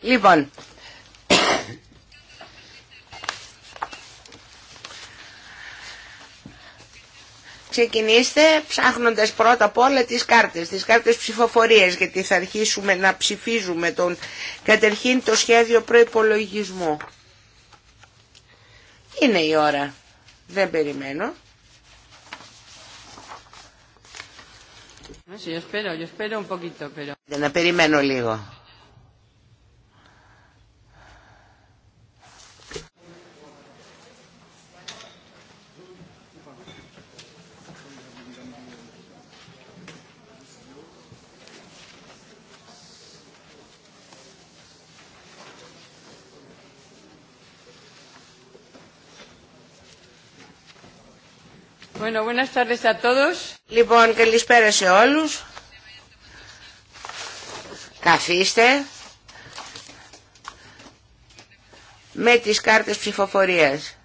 Λοιπόν, ξεκινήστε ψάχνοντας πρώτα απ' όλα τις κάρτες, τις κάρτες ψηφοφορίας, γιατί θα αρχίσουμε να ψηφίζουμε τον, κατερχήν το σχέδιο προϋπολογισμού. Είναι η ώρα. Δεν περιμένω. Να περιμένω λίγο. Λοιπόν, καλησπέρα σε όλους. Καθίστε με τις κάρτες ψηφοφορίας.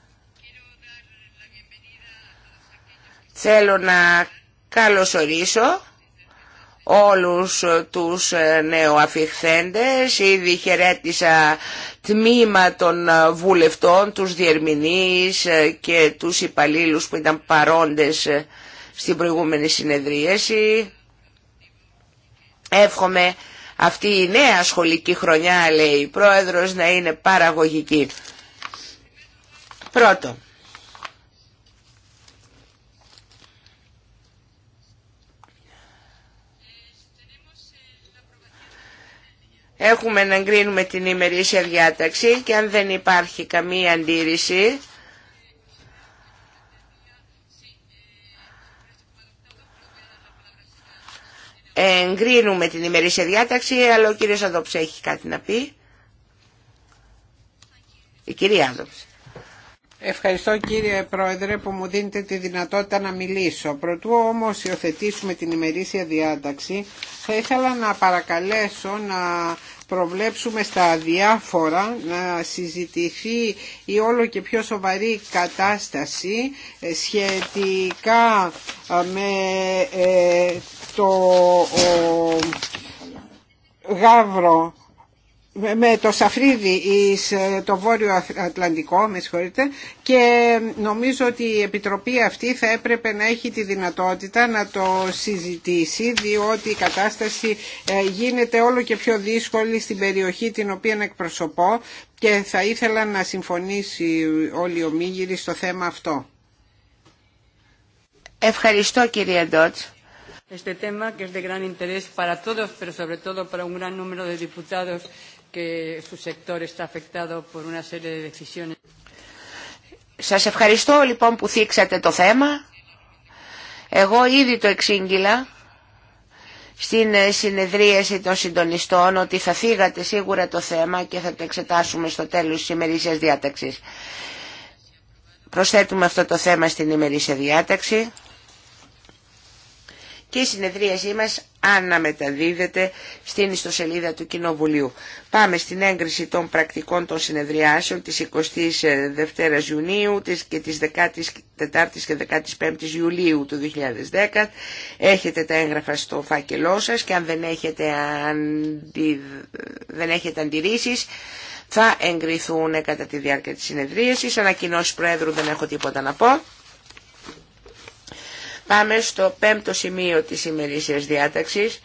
Θέλω να καλωσορίσω όλους τους ε, νεοαφιχθέντες. Ήδη χαιρέτησα τμήμα των ε, βουλευτών, τους διερμηνείς ε, και τους υπαλλήλους που ήταν παρόντες στην προηγούμενη συνεδρίαση. Εύχομαι αυτή η νέα σχολική χρονιά, λέει η Πρόεδρος, να είναι παραγωγική. Πρώτο, Έχουμε να εγκρίνουμε την ημερήσια διάταξη και αν δεν υπάρχει καμία αντίρρηση εγκρίνουμε την ημερήσια διάταξη αλλά ο κύριος Αδόψε έχει κάτι να πει. Η κυρία Άδοψη. Ευχαριστώ κύριε Πρόεδρε που μου δίνετε τη δυνατότητα να μιλήσω. Προτού όμως υιοθετήσουμε την ημερήσια διάταξη, θα ήθελα να παρακαλέσω να προβλέψουμε στα διάφορα να συζητηθεί η όλο και πιο σοβαρή κατάσταση σχετικά ε, με ε, το γάβρο με το Σαφρίδι ε, το Βόρειο Ατλαντικό, με συγχωρείτε, και νομίζω ότι η Επιτροπή αυτή θα έπρεπε να έχει τη δυνατότητα να το συζητήσει, διότι η κατάσταση ε, γίνεται όλο και πιο δύσκολη στην περιοχή την οποία εκπροσωπώ και θα ήθελα να συμφωνήσει όλοι οι ομίγυροι στο θέμα αυτό. Ευχαριστώ κυρία Ντότς. Este tema, que es de gran interés para todos, pero sobre todo para un gran número de que su sector está afectado por una serie de Σας ευχαριστώ λοιπόν που θίξατε το θέμα. Εγώ ήδη το εξήγηλα στην ε, συνεδρίαση των συντονιστών ότι θα φύγατε σίγουρα το θέμα και θα το εξετάσουμε στο τέλος της ημερήσιας διάταξης. Προσθέτουμε αυτό το θέμα στην ημερήσια διάταξη και η συνεδρίασή μας αναμεταδίδεται στην ιστοσελίδα του Κοινοβουλίου. Πάμε στην έγκριση των πρακτικών των συνεδριάσεων της 22ης ε, Ιουνίου και της 14ης και 15ης Ιουλίου του 2010. Έχετε τα έγγραφα στο φάκελό σας και αν δεν έχετε, αντι... δεν έχετε αντιρρήσεις θα εγκριθούν κατά τη διάρκεια της συνεδρίασης. Ανακοινώσεις Προέδρου δεν έχω τίποτα να πω. Πάμε στο πέμπτο σημείο της ημερήσιας διάταξης.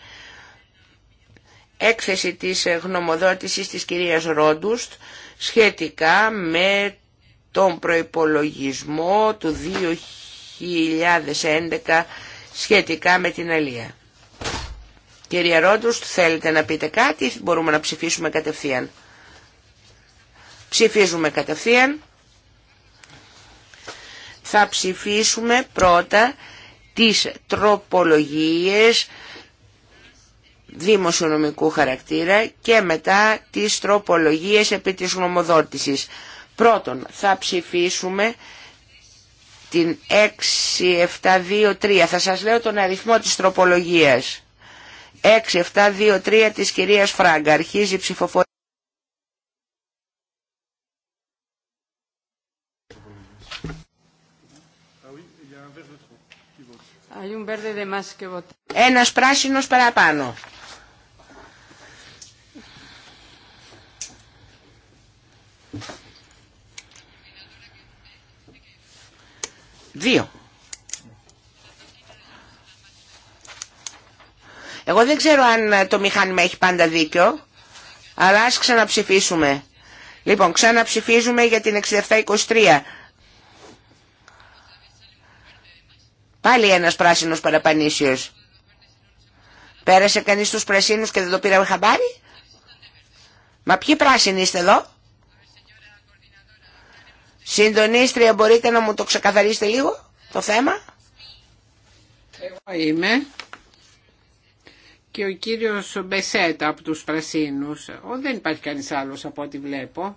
Έκθεση της γνωμοδότησης της κυρίας Ρόντουστ σχετικά με τον προϋπολογισμό του 2011 σχετικά με την Αλία. Κυρία Ρόντουστ, θέλετε να πείτε κάτι, μπορούμε να ψηφίσουμε κατευθείαν. Ψηφίζουμε κατευθείαν. Θα ψηφίσουμε πρώτα τις τροπολογίες δημοσιονομικού χαρακτήρα και μετά τις τροπολογίες επί της γνωμοδότησης. Πρώτον, θα ψηφίσουμε την 6723. Θα σας λέω τον αριθμό της τροπολογίας. 6723 της κυρίας Φράγκα. Αρχίζει η ψηφοφορία. Ένας πράσινος παραπάνω. Δύο. Εγώ δεν ξέρω αν το μηχάνημα έχει πάντα δίκιο, αλλά ας ξαναψηφίσουμε. Λοιπόν, ξαναψηφίζουμε για την 6723. Πάλι ένας πράσινος παραπανήσιος. Πέρασε κανείς τους πρασίνους και δεν το πήραμε χαμπάρι. Μα ποιοι πράσινοι είστε εδώ. Συντονίστρια μπορείτε να μου το ξεκαθαρίσετε λίγο το θέμα. Εγώ είμαι και ο κύριος Μπεσέτα από τους Πρασίνους. Ο, δεν υπάρχει κανείς άλλος από ό,τι βλέπω.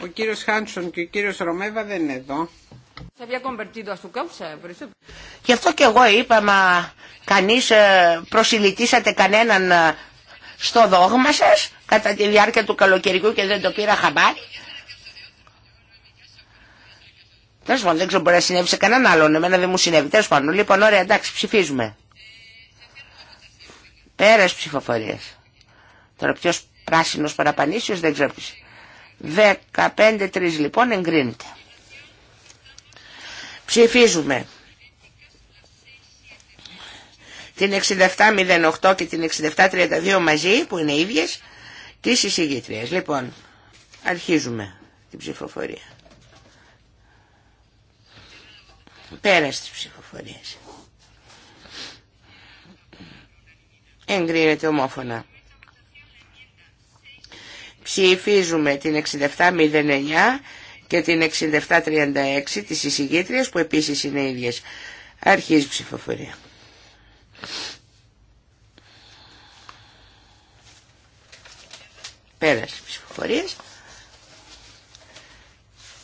Ο κύριος Χάνσον και ο κύριος Ρωμέβα δεν είναι εδώ. Γι' αυτό και εγώ είπα, μα κανείς ε, προσιλητήσατε κανέναν ε, στο δόγμα σας κατά τη διάρκεια του καλοκαιριού και δεν το πήρα χαμπάρι. Τέλο πάντων, δεν ξέρω μπορεί να συνέβη σε κανέναν άλλον. Εμένα δεν μου συνέβη. Τέλο πάντων, λοιπόν, ωραία, εντάξει, ψηφίζουμε. Πέρα ψηφοφορία. Τώρα Πράσινος παραπανήσιος δεν ξέρω ποιος. 15-3 λοιπόν εγκρίνεται. Ψηφίζουμε την 67-08 και την 6732 μαζί που είναι ίδιες τις εισηγήτριες. Λοιπόν, αρχίζουμε την ψηφοφορία. Πέρας της ψηφοφορίας. Εγκρίνεται ομόφωνα. Ψηφίζουμε την 6709 και την 6736 της εισηγήτριας που επίσης είναι ίδιες. Αρχίζει η ψηφοφορία. Πέρασε η ψηφοφορία.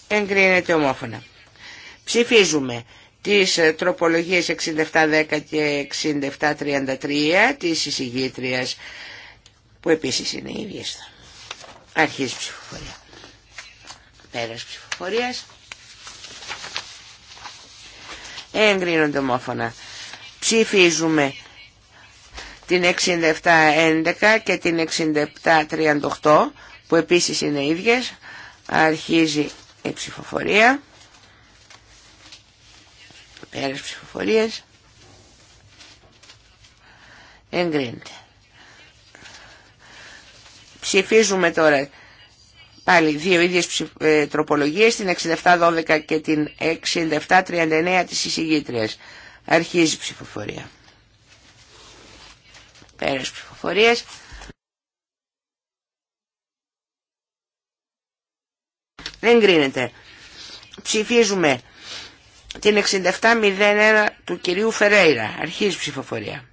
Εγκρίνεται ομόφωνα. Ψηφίζουμε τις ε, τροπολογίες 6710 και 6733 της εισηγήτριας που επίσης είναι ίδιες. Αρχίζει ψηφοφορία. Πέρας ψηφοφορίας. Εγκρίνονται ομόφωνα. Ψηφίζουμε την 6711 και την 6738 που επίσης είναι ίδιες. Αρχίζει η ψηφοφορία. Πέρας ψηφοφορίας. Εγκρίνεται. Ψηφίζουμε τώρα πάλι δύο ίδιες ε, τροπολογίες, την 6712 και την 6739 της εισηγήτριας. Αρχίζει η ψηφοφορία. Πέρας ψηφοφορίες. Δεν κρίνεται. Ψηφίζουμε την 6701 του κυρίου Φερέιρα. Αρχίζει η ψηφοφορία.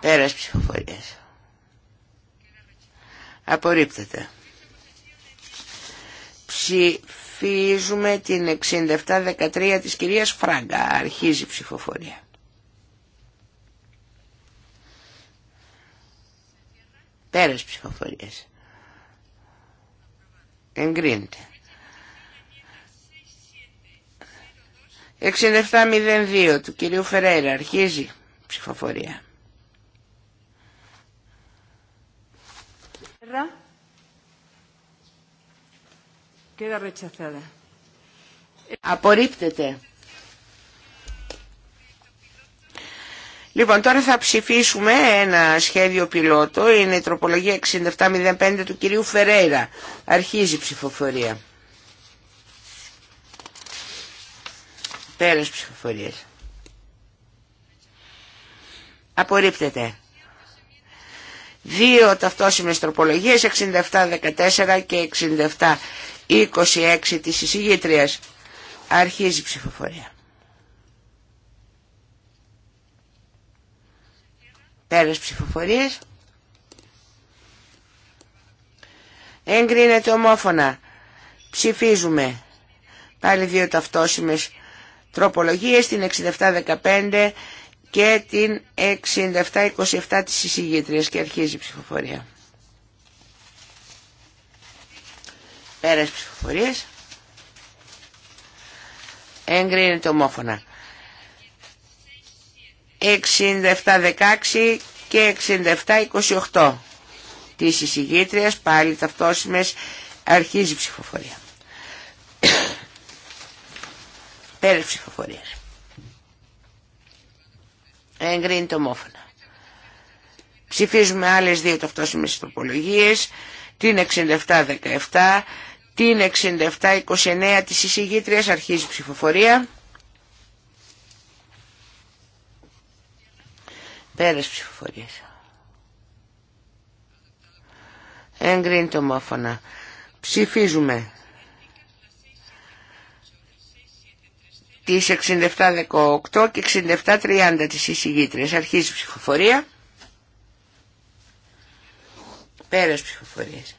Πέρας ψηφοφορίας. Απορρίπτεται. Ψηφίζουμε την 6713 της κυρίας Φράγκα. Αρχίζει ψηφοφορία. Πέρας ψηφοφορίας. Εγκρίνεται. 6702 του κυρίου Φεραίρα. Αρχίζει ψηφοφορία. izquierda. Απορρίπτεται. Λοιπόν, τώρα θα ψηφίσουμε ένα σχέδιο πιλότο. Είναι η τροπολογία 6705 του κυρίου Φερέιρα. Αρχίζει η ψηφοφορία. Τέλος ψηφοφορίας. Απορρίπτεται. Δύο ταυτόσιμες τροπολογίες, 67-14 και 67-26 της εισηγήτριας. Αρχίζει η ψηφοφορία. Πέρας ψηφοφορίες. Εγκρίνεται ομόφωνα. Ψηφίζουμε. Πάλι δύο ταυτόσιμες τροπολογίες, την 67-15 και την 6727 της εισηγήτριας και αρχίζει η ψηφοφορία. Πέρας ψηφοφορίες. Εγκρίνεται ομόφωνα. 6716 και 6728 της εισηγήτριας πάλι ταυτόσιμες αρχίζει η ψηφοφορία. Πέρας ψηφοφορίας. Εγκρίνεται ομόφωνα. Ψηφίζουμε άλλες δύο ταυτόσιμες τροπολογίες, την 6717, την 6729 της εισηγήτριας, αρχίζει η ψηφοφορία. Πέρας ψηφοφορίας. Εγκρίνεται ομόφωνα. Ψηφίζουμε τις 6718 και 6730 της εισηγήτριας. Αρχίζει η ψηφοφορία. Πέρας ψηφοφορίας.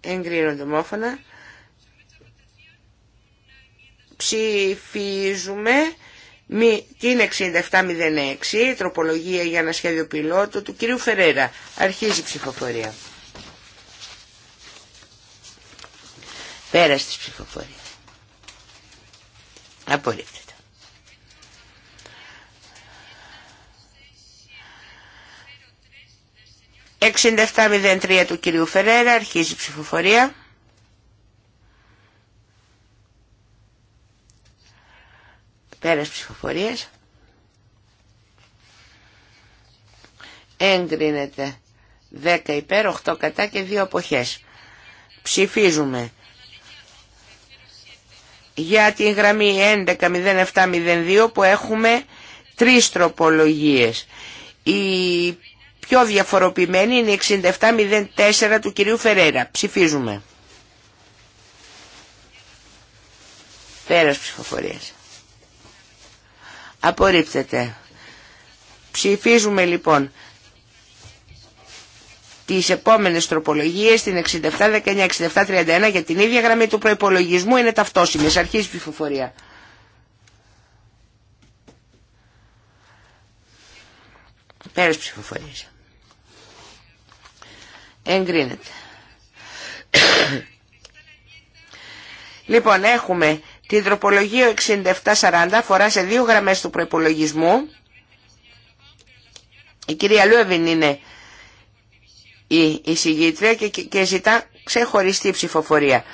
Εγκρίνω ομόφωνα. Ψηφίζουμε την 6706, τροπολογία για ένα σχέδιο πιλότου του κυρίου Φερέρα. Αρχίζει η ψηφοφορία. Πέρας της ψηφοφορίας. Απορρίπτεται. «6703 του κυρίου Φερέρα, αρχίζει η ψηφοφορία. Πέρας ψηφοφορίας. Έγκρινεται 10 υπέρ, 8 κατά και 2 αποχές. Ψηφίζουμε για τη γραμμή 110702 που έχουμε τρεις τροπολογίες. Η πιο διαφοροποιημένη είναι η 6704 του κυρίου Φερέρα. Ψηφίζουμε. Πέρας ψηφοφορίας. Απορρίπτεται. Ψηφίζουμε λοιπόν τις επόμενες τροπολογίες, στην 67, 19, 67, 31 για την ίδια γραμμή του προϋπολογισμού είναι ταυτόσιμες, η ψηφοφορία. Πέρας ψηφοφορίας. Εγκρίνεται. λοιπόν, έχουμε την τροπολογία 6740 αφορά σε δύο γραμμές του προϋπολογισμού. Η κυρία Λούεβιν είναι η εισηγήτρια και, και ζητά ξεχωριστή ψηφοφορία.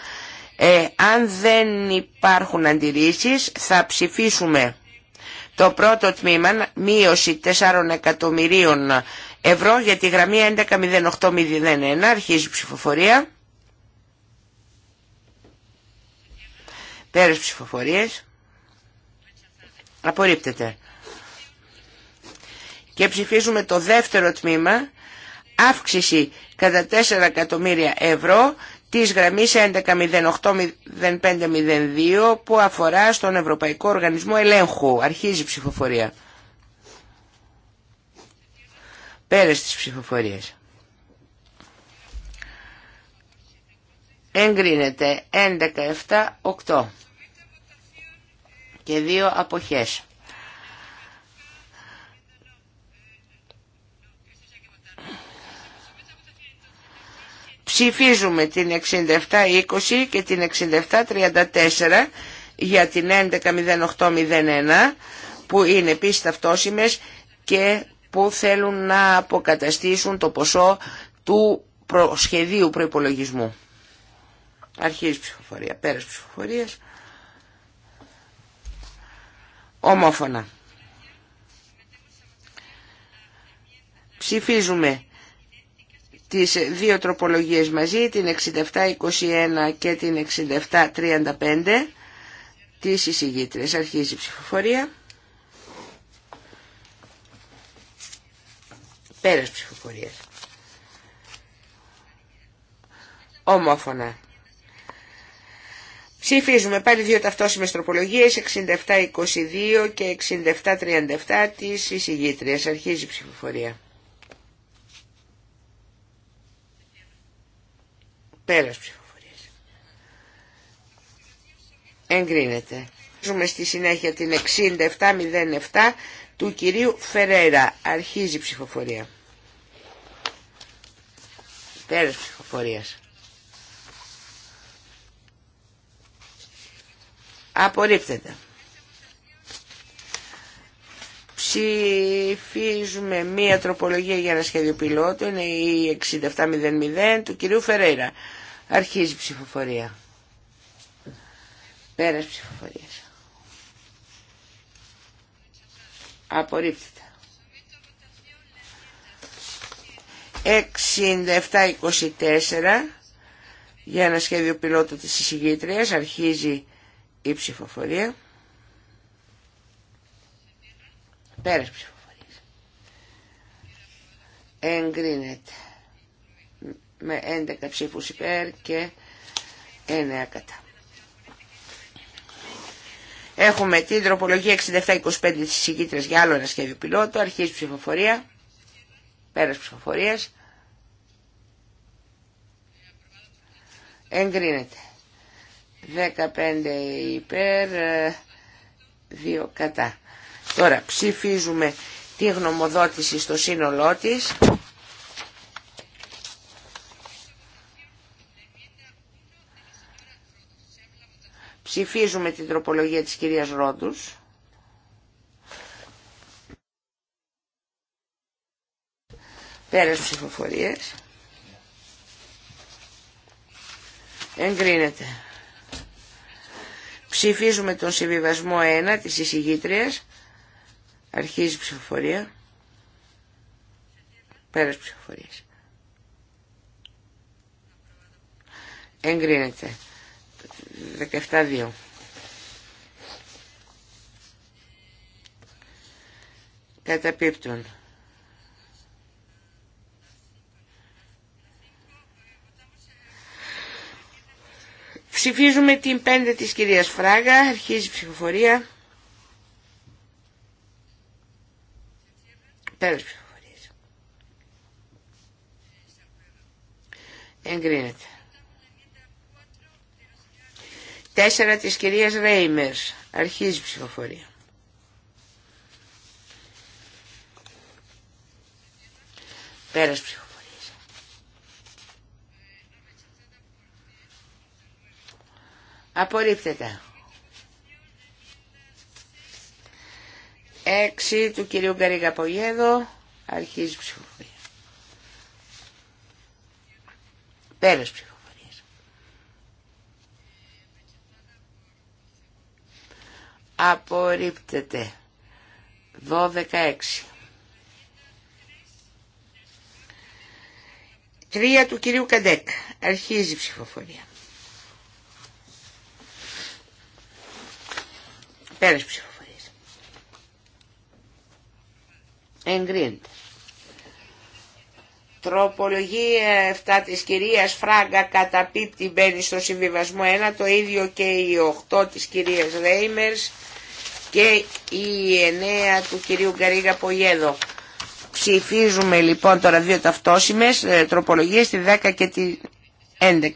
Ε, αν δεν υπάρχουν αντιρρήσεις θα ψηφίσουμε το πρώτο τμήμα μείωση 4 εκατομμυρίων ευρώ για τη γραμμή 110801 αρχίζει ψηφοφορία πέρας ψηφοφορίες απορρίπτεται και ψηφίζουμε το δεύτερο τμήμα αύξηση κατά 4 εκατομμύρια ευρώ της γραμμης 11.08.05.02 που αφορά στον Ευρωπαϊκό Οργανισμό Ελέγχου. Αρχίζει η ψηφοφορία. Πέρας της ψηφοφορίας. 11 και δύο αποχές. Ψηφίζουμε την 6720 και την 6734 για την 110801 που είναι επίσης ταυτόσιμες και που θέλουν να αποκαταστήσουν το ποσό του σχεδίου προϋπολογισμού. Αρχής ψηφοφορία, πέρας ψηφοφορίας. Ομόφωνα. Ψηφίζουμε τις δύο τροπολογίες μαζί, την 6721 και την 6735 της εισηγήτρες. Αρχίζει η ψηφοφορία. Πέρας ψηφοφορίας. Ομόφωνα. Ψηφίζουμε πάλι δύο ταυτόσιμες τροπολογίες, 6722 και 6737 της εισηγήτριας. Αρχίζει η ψηφοφορία. Πέρας ψηφοφορίας. Εγκρίνεται. Ζούμε στη συνέχεια την 6707 του κυρίου Φερέρα. Αρχίζει η ψηφοφορία. Πέρας ψηφοφορίας. Απορρίπτεται. Ψηφίζουμε μία τροπολογία για ένα σχέδιο πιλότου, είναι η 6700 του κυρίου Φερέιρα. Αρχίζει η ψηφοφορία. Πέρας ψηφοφορίας. Απορρίπτεται. 67-24 για ένα σχέδιο πιλότο της εισηγήτριας. Αρχίζει η ψηφοφορία. Πέρας ψηφοφορίας. Εγκρίνεται με 11 ψήφους υπέρ και 9 κατά. Έχουμε την τροπολογία 67-25 της συγκήτρες για άλλο ένα σχέδιο πιλότο, αρχής ψηφοφορία, πέρας ψηφοφορίας. Εγκρίνεται. 15 υπέρ, 2 ε, κατά. Τώρα ψηφίζουμε τη γνωμοδότηση στο σύνολό της. Ψηφίζουμε την τροπολογία της κυρίας Ρόντους. Πέρας ψηφοφορίες. Εγκρίνεται. Ψηφίζουμε τον συμβιβασμό 1 της εισηγήτριας. Αρχίζει η ψηφοφορία. Πέρας ψηφοφορίες. Εγκρίνεται. 17-2 Καταπίπτουν. Ψηφίζουμε την πέντε της κυρίας Φράγα, αρχίζει η ψηφοφορία. Πέρας ψηφοφορίας. Εγκρίνεται. Τέσσερα της κυρίας Ρέιμερς. Αρχίζει η ψηφοφορία. Πέρας ψηφοφορίας. Απορρίπτεται. Έξι του κυρίου Γκαρίγα Αρχίζει η ψηφοφορία. Πέρας ψηφοφορία. απορρίπτεται 12-6 Τρία του κυρίου Καντέκ. Αρχίζει η ψηφοφορία. Πέρας ψηφοφορίας. Εγκρίνεται. Τροπολογία 7 της κυρίας Φράγκα καταπίπτει μπαίνει στο συμβιβασμό 1, το ίδιο και η 8 της κυρίας Ρέιμερς και η εννέα του κυρίου Γκαρίγα Πογέδο. Ψηφίζουμε λοιπόν τώρα δύο ταυτόσημες ε, τροπολογίες, τη 10 και τη 11.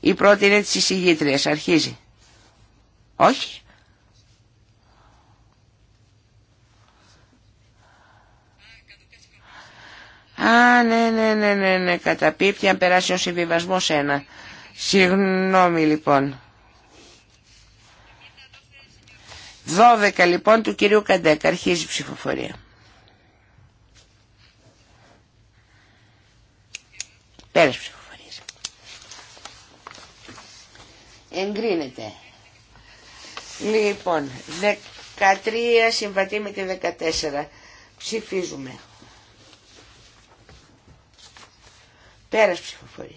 Η πρώτη είναι της εισηγήτριας, αρχίζει. Όχι. Α, ναι, ναι, ναι, ναι, ναι, καταπίπτει αν περάσει ο συμβιβασμός ένα. Συγγνώμη λοιπόν. 12 λοιπόν του κυρίου Καντέκα. Αρχίζει η ψηφοφορία. Πέρας ψηφοφορίας. Εγκρίνεται. Λοιπόν, 13 συμβατεί με τη 14. Ψηφίζουμε. Πέρας ψηφοφορίας.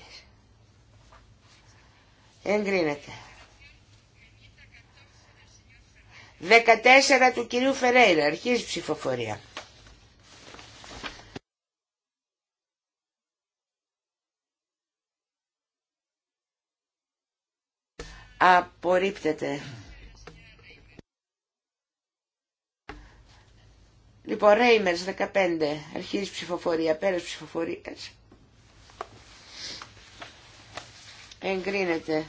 Εγκρίνεται. 14 του κυρίου Φερέιρα, αρχίζει ψηφοφορία. Απορρίπτεται. Λοιπόν, Ρέιμερς 15, αρχίζει ψηφοφορία, πέρας ψηφοφορίας. Εγκρίνεται.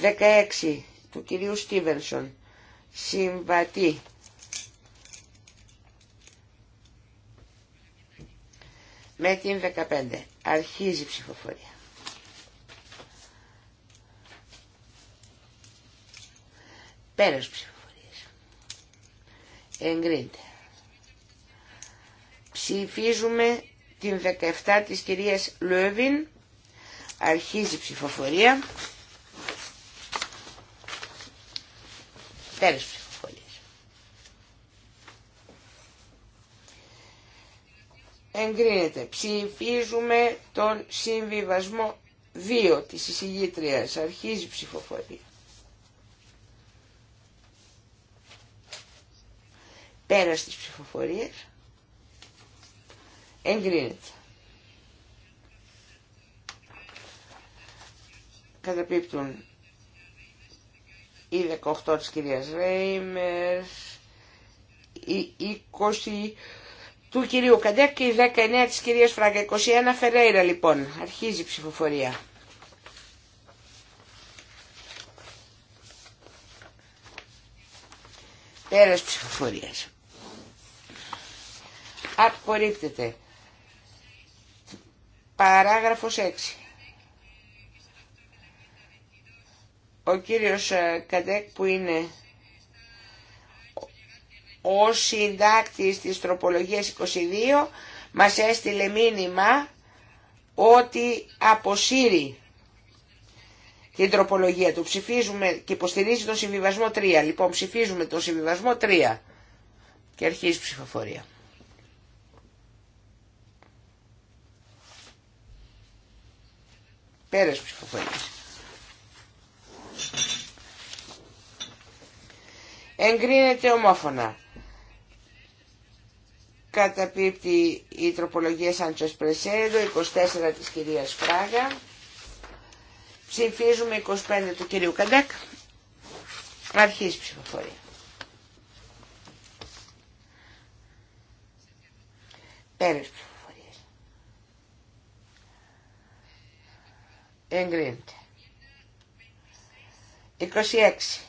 16 του κυρίου Στίβενσον. Συμβατή. Με την 15. Αρχίζει η ψηφοφορία. Πέρας ψηφοφορίας. Εγκρίνεται. Ψηφίζουμε την 17 της κυρίας Λουεβίν. Αρχίζει η ψηφοφορία. Τέλος ψηφοφορίας. Εγκρίνεται. Ψηφίζουμε τον συμβιβασμό 2 της εισηγήτριας. Αρχίζει η ψηφοφορία. Πέρα στις ψηφοφορίες. Εγκρίνεται. Καταπίπτουν η 18 της κυρίας Ρέιμερς, η 20 του κυρίου Καντέκ και η 19 της κυρίας Φράγκα, 21 Φερέιρα λοιπόν. Αρχίζει η ψηφοφορία. Πέρας ψηφοφορίας. Απορρίπτεται. Παράγραφος 6. Ο κύριος ε, Καντέκ που είναι ο συντάκτης της τροπολογίας 22 μας έστειλε μήνυμα ότι αποσύρει την τροπολογία του. Ψηφίζουμε και υποστηρίζει τον συμβιβασμό 3. Λοιπόν ψηφίζουμε τον συμβιβασμό 3 και αρχίζει η ψηφοφορία. Πέρας ψηφοφορίας. Εγκρίνεται ομόφωνα. Καταπίπτει η τροπολογία Σάντσος Πρεσέδο, 24 της κυρίας Φράγα. Ψηφίζουμε 25 του κυρίου Καντάκ. Αρχίζει ψηφοφορία. Πέρας ψηφοφορίας. Εγκρίνεται. 26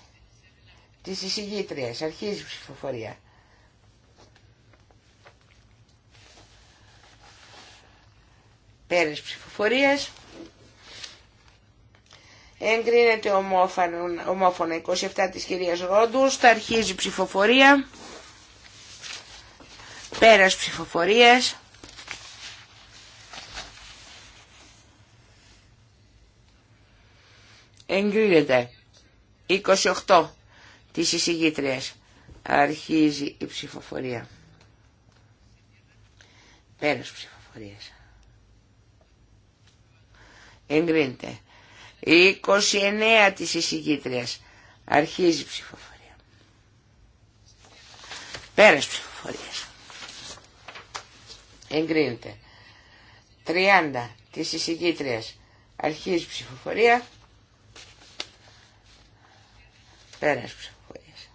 της εισηγήτριας. Αρχίζει η ψηφοφορία. Πέρας ψηφοφορίας. Εγκρίνεται ομόφωνα 27 της κυρίας Ρόντους. Θα αρχίζει η ψηφοφορία. Πέρας ψηφοφορίας. Εγκρίνεται. 28 της εισηγήτριας. Αρχίζει η ψηφοφορία. Πέρας ψηφοφορίας. Εγκρίνεται. 29 της εισηγήτριας. Αρχίζει η ψηφοφορία. Πέρας ψηφοφορίας. Εγκρίνεται. 30 της εισηγήτριας. Αρχίζει η ψηφοφορία. Πέρας ψηφοφορίας.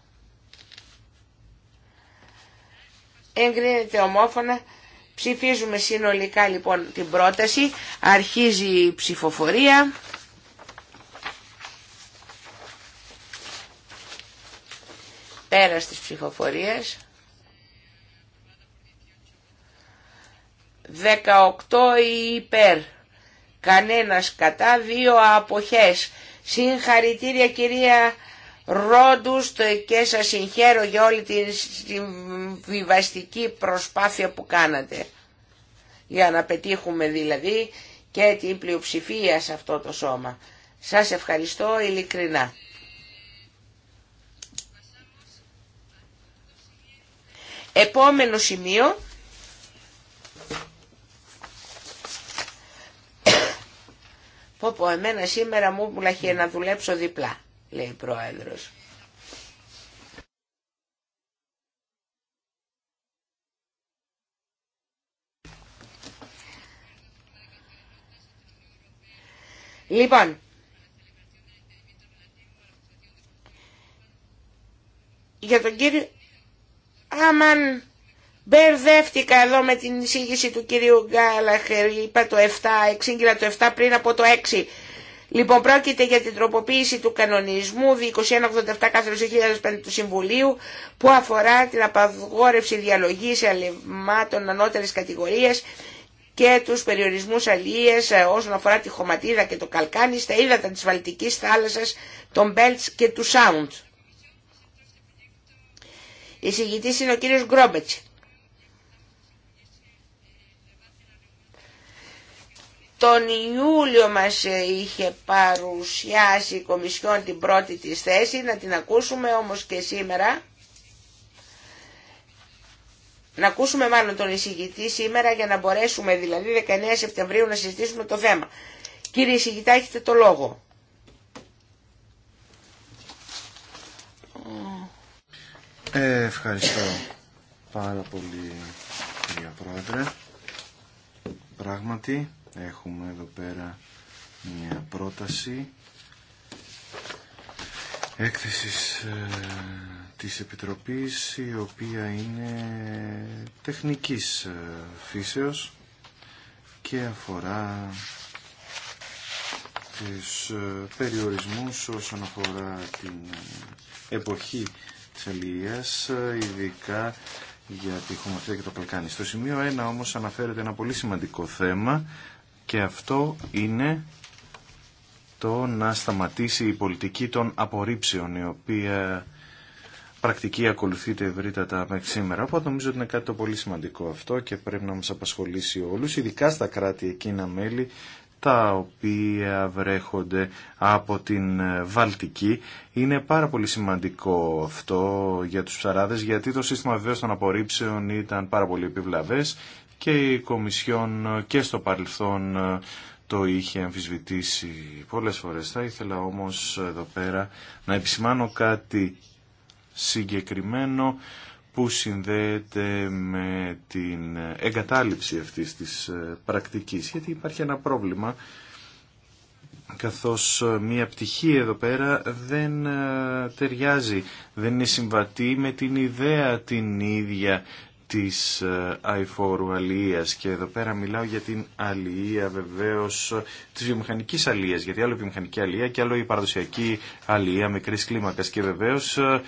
Εγκρίνεται ομόφωνα. Ψηφίζουμε συνολικά λοιπόν την πρόταση. Αρχίζει η ψηφοφορία. Πέρας της ψηφοφορίας. 18 υπέρ. Κανένας κατά, δύο αποχές. Συγχαρητήρια κυρία ρόντους και σα συγχαίρω για όλη την συμβιβαστική προσπάθεια που κάνατε για να πετύχουμε δηλαδή και την πλειοψηφία σε αυτό το σώμα. Σας ευχαριστώ ειλικρινά. Επόμενο σημείο Πω πω εμένα σήμερα μου πουλαχεί να δουλέψω διπλά λέει η Πρόεδρος. Λοιπόν, για τον κύριο Άμαν μπερδεύτηκα εδώ με την εισήγηση του κυρίου Γκάλαχερ, είπα το 7, εξήγηνα το 7 πριν από το 6. Λοιπόν, πρόκειται για την τροποποίηση του κανονισμού 2187 2005 του Συμβουλίου που αφορά την απαγόρευση διαλογής αλευμάτων ανώτερης κατηγορίας και τους περιορισμούς αλίες ε, όσον αφορά τη χωματίδα και το καλκάνι στα ύδατα της Βαλτικής θάλασσας, των Μπέλτς και του Σάουντ. Η συγητής είναι ο κύριος Γκρόμπετσιν. Τον Ιούλιο μας είχε παρουσιάσει η Κομισιόν την πρώτη της θέση, να την ακούσουμε όμως και σήμερα. Να ακούσουμε μάλλον τον εισηγητή σήμερα για να μπορέσουμε δηλαδή 19 Σεπτεμβρίου να συζητήσουμε το θέμα. Κύριε εισηγητά έχετε το λόγο. Ε, ευχαριστώ πάρα πολύ κυρία Πρόεδρε. Πράγματι Έχουμε εδώ πέρα μια πρόταση έκθεσης ε, της Επιτροπής η οποία είναι τεχνικής ε, φύσεως και αφορά τους ε, περιορισμούς όσον αφορά την εποχή της αλληλείας, ειδικά για τη Χωματεία και το Παλκάνι. Στο σημείο 1 όμως αναφέρεται ένα πολύ σημαντικό θέμα, και αυτό είναι το να σταματήσει η πολιτική των απορρίψεων, η οποία πρακτική ακολουθείται ευρύτατα μέχρι σήμερα. Οπότε νομίζω ότι είναι κάτι το πολύ σημαντικό αυτό και πρέπει να μας απασχολήσει όλους, ειδικά στα κράτη εκείνα μέλη τα οποία βρέχονται από την Βαλτική. Είναι πάρα πολύ σημαντικό αυτό για τους ψαράδες γιατί το σύστημα βεβαίως των απορρίψεων ήταν πάρα πολύ επιβλαβές και η Κομισιόν και στο παρελθόν το είχε αμφισβητήσει πολλές φορές. Θα ήθελα όμως εδώ πέρα να επισημάνω κάτι συγκεκριμένο που συνδέεται με την εγκατάλειψη αυτής της ε, πρακτικής. Γιατί υπάρχει ένα πρόβλημα, καθώς ε, μία πτυχή εδώ πέρα δεν ε, ταιριάζει, δεν είναι συμβατή με την ιδέα την ίδια της αηφόρου ε, αλληλείας και εδώ πέρα μιλάω για την αλληλεία βεβαίως της βιομηχανικής αλληλείας γιατί άλλο η βιομηχανική αλληλεία και άλλο η παραδοσιακή αλληλεία μικρής κλίμακας και βεβαίως ε,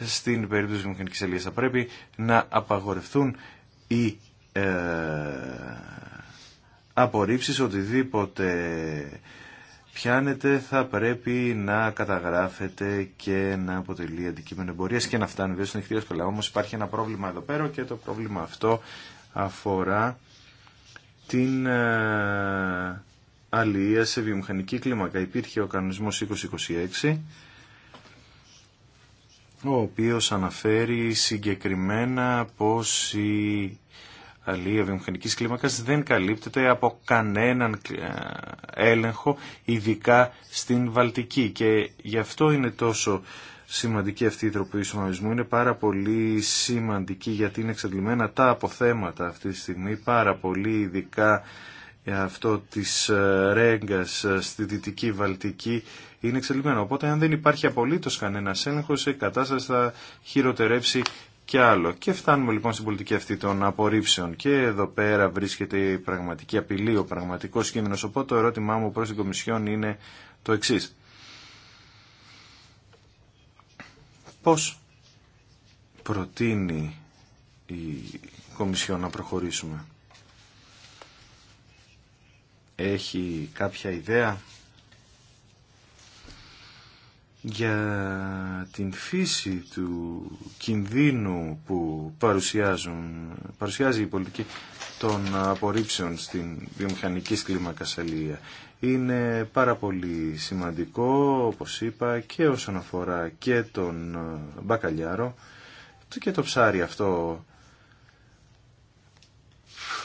στην περίπτωση της βιομηχανικής αλληλείας θα πρέπει να απαγορευτούν οι ε, απορρίψεις οτιδήποτε πιάνετε θα πρέπει να καταγράφετε και να αποτελεί αντικείμενο εμπορία και να φτάνει βέβαια στην εκτήρια σχολά. Όμω υπάρχει ένα πρόβλημα εδώ πέρα και το πρόβλημα αυτό αφορά την ε, αλληλεία σε βιομηχανική κλίμακα. Υπήρχε ο κανονισμός 2026 ο οποίος αναφέρει συγκεκριμένα πως η αλληλεία βιομηχανική κλίμακας δεν καλύπτεται από κανέναν ε, έλεγχο, ειδικά στην Βαλτική. Και γι' αυτό είναι τόσο σημαντική αυτή η τροπή Είναι πάρα πολύ σημαντική γιατί είναι εξαντλημένα τα αποθέματα αυτή τη στιγμή, πάρα πολύ ειδικά αυτό της ε, Ρέγκας ε, στη Δυτική Βαλτική είναι εξελιμμένο. Οπότε αν δεν υπάρχει απολύτως κανένας έλεγχος η κατάσταση θα χειροτερέψει και άλλο. Και φτάνουμε λοιπόν στην πολιτική αυτή των απορρίψεων. Και εδώ πέρα βρίσκεται η πραγματική απειλή, ο πραγματικό κίνδυνο. Οπότε το ερώτημά μου προ την Κομισιόν είναι το εξή. Πώ προτείνει η Κομισιόν να προχωρήσουμε. Έχει κάποια ιδέα για την φύση του κινδύνου που παρουσιάζουν, παρουσιάζει η πολιτική των απορρίψεων στην βιομηχανική κλίμακα αλληλεία. Είναι πάρα πολύ σημαντικό, όπως είπα, και όσον αφορά και τον ε, μπακαλιάρο και το ψάρι αυτό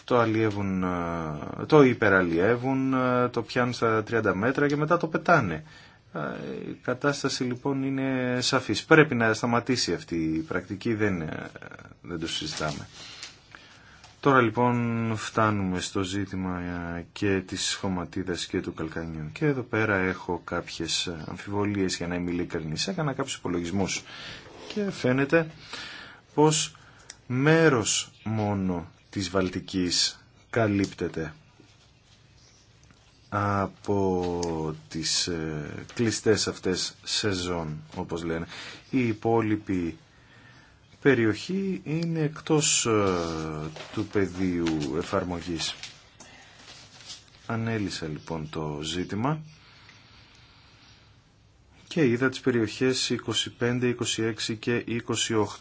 το αλλιεύουν, ε, το υπεραλλιεύουν, ε, το πιάνουν στα 30 μέτρα και μετά το πετάνε. Η κατάσταση λοιπόν είναι σαφής. Πρέπει να σταματήσει αυτή η πρακτική, δεν, ε, δεν το συζητάμε. Τώρα λοιπόν φτάνουμε στο ζήτημα ε, και της χωματίδας και του καλκανιού. Και εδώ πέρα έχω κάποιες ε, αμφιβολίες για να είμαι ειλικρινής. Έκανα κάποιους υπολογισμού και φαίνεται πως μέρος μόνο της Βαλτικής καλύπτεται από τις ε, κλειστές αυτές σεζόν, όπως λένε. Η υπόλοιπη περιοχή είναι εκτός ε, του πεδίου εφαρμογής. Ανέλησα λοιπόν το ζήτημα και είδα τις περιοχές 25, 26 και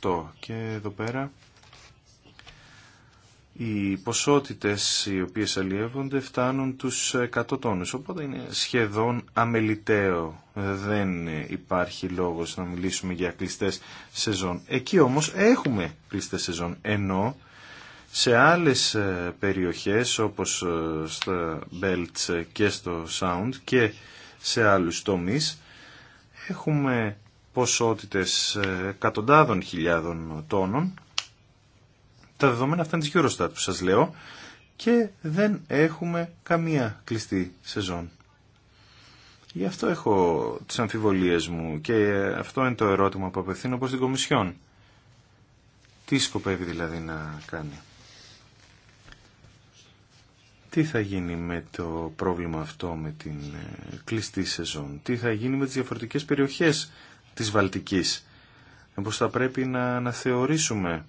28 και εδώ πέρα οι ποσότητες οι οποίες αλλιεύονται φτάνουν τους 100 τόνους, οπότε είναι σχεδόν αμεληταίο. Δεν υπάρχει λόγος να μιλήσουμε για κλειστές σεζόν. Εκεί όμως έχουμε κλειστές σεζόν, ενώ σε άλλες ε, περιοχές όπως ε, στο Belts και στο Sound και σε άλλους τομείς έχουμε ποσότητες ε, εκατοντάδων χιλιάδων τόνων τα δεδομένα αυτά είναι της Eurostat που σας λέω και δεν έχουμε καμία κλειστή σεζόν. Γι' αυτό έχω τις αμφιβολίες μου και αυτό είναι το ερώτημα που απευθύνω προς την Κομισιόν. Τι σκοπεύει δηλαδή να κάνει. Τι θα γίνει με το πρόβλημα αυτό με την ε, κλειστή σεζόν. Τι θα γίνει με τις διαφορετικές περιοχές της Βαλτικής. Όπως θα πρέπει να θεωρήσουμε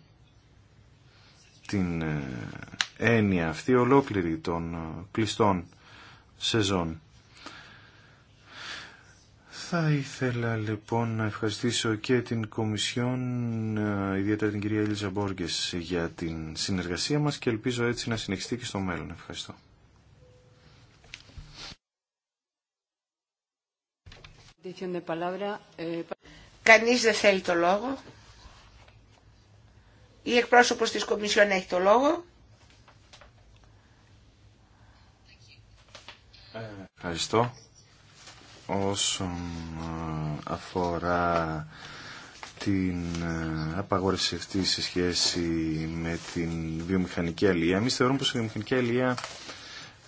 την ε, έννοια αυτή ολόκληρη των ε, κλειστών σεζόν. Θα ήθελα λοιπόν να ευχαριστήσω και την Κομισιόν, ε, ιδιαίτερα την κυρία Ελίζα Μπόργκες για την συνεργασία μας και ελπίζω έτσι να συνεχιστεί και στο μέλλον. Ευχαριστώ. Eh, Κανείς δεν θέλει το λόγο. Η εκπρόσωπος της Κομισιόν έχει το λόγο. Ευχαριστώ. Όσον ε, αφορά την ε, απαγόρευση αυτή σε σχέση με την βιομηχανική αλληλεία, εμείς θεωρούμε πως η βιομηχανική αλληλεία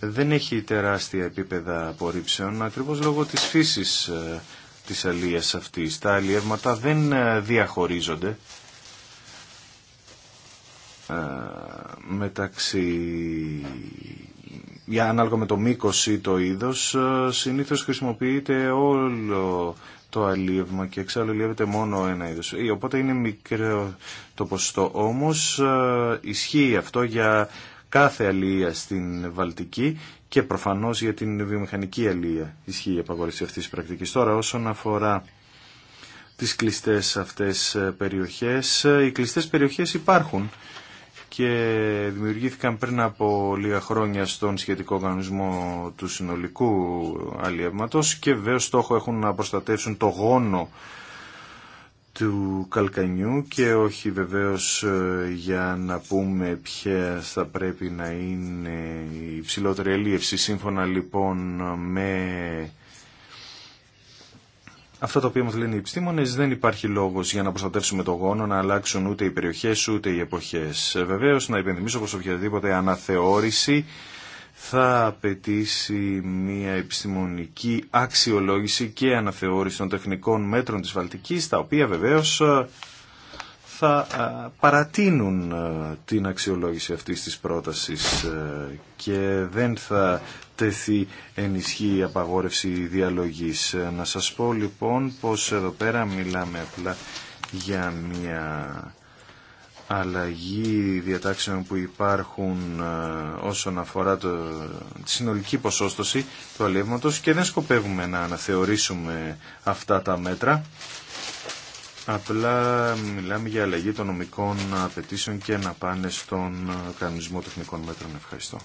δεν έχει τεράστια επίπεδα απορρίψεων, ακριβώς λόγω της φύσης ε, της αλληλεία αυτής. Τα αλληλεύματα δεν διαχωρίζονται ε, μεταξύ για ανάλογα με το μήκος ή το είδος ε, συνήθως χρησιμοποιείται όλο το αλίευμα και εξάλλου αλλιεύεται μόνο ένα είδος. Ε, οπότε είναι μικρό το ποσοστό. Όμως ισχύει αυτό για κάθε αλία στην Βαλτική και προφανώς για την βιομηχανική αλία ισχύει η απαγόρευση αυτής της πρακτικής. Τώρα όσον αφορά τις κλειστές αυτές περιοχές, οι κλειστές περιοχές υπάρχουν και δημιουργήθηκαν πριν από λίγα χρόνια στον σχετικό κανονισμό του συνολικού αλλιεύματος και βέβαια στόχο έχουν να προστατεύσουν το γόνο του καλκανιού και όχι βεβαίως ε, για να πούμε ποια θα πρέπει να είναι η ψηλότερη ελίευση. Σύμφωνα λοιπόν με Αυτά τα οποία μας λένε οι επιστήμονε. δεν υπάρχει λόγος για να προστατεύσουμε το γόνο να αλλάξουν ούτε οι περιοχέ ούτε οι εποχέ. Βεβαίω, να υπενθυμίσω πω οποιαδήποτε αναθεώρηση θα απαιτήσει μια επιστημονική αξιολόγηση και αναθεώρηση των τεχνικών μέτρων της Βαλτικής, τα οποία βεβαίως θα παρατείνουν την αξιολόγηση αυτής της πρότασης και δεν θα τεθεί ενισχύ η απαγόρευση διαλογής. Ε, να σας πω λοιπόν πως εδώ πέρα μιλάμε απλά για μια αλλαγή διατάξεων που υπάρχουν όσον αφορά το, τη συνολική ποσόστοση του αλεύματος και δεν σκοπεύουμε να αναθεωρήσουμε αυτά τα μέτρα Απλά μιλάμε για αλλαγή των νομικών απαιτήσεων και να πάνε στον κανονισμό τεχνικών μέτρων. Ευχαριστώ.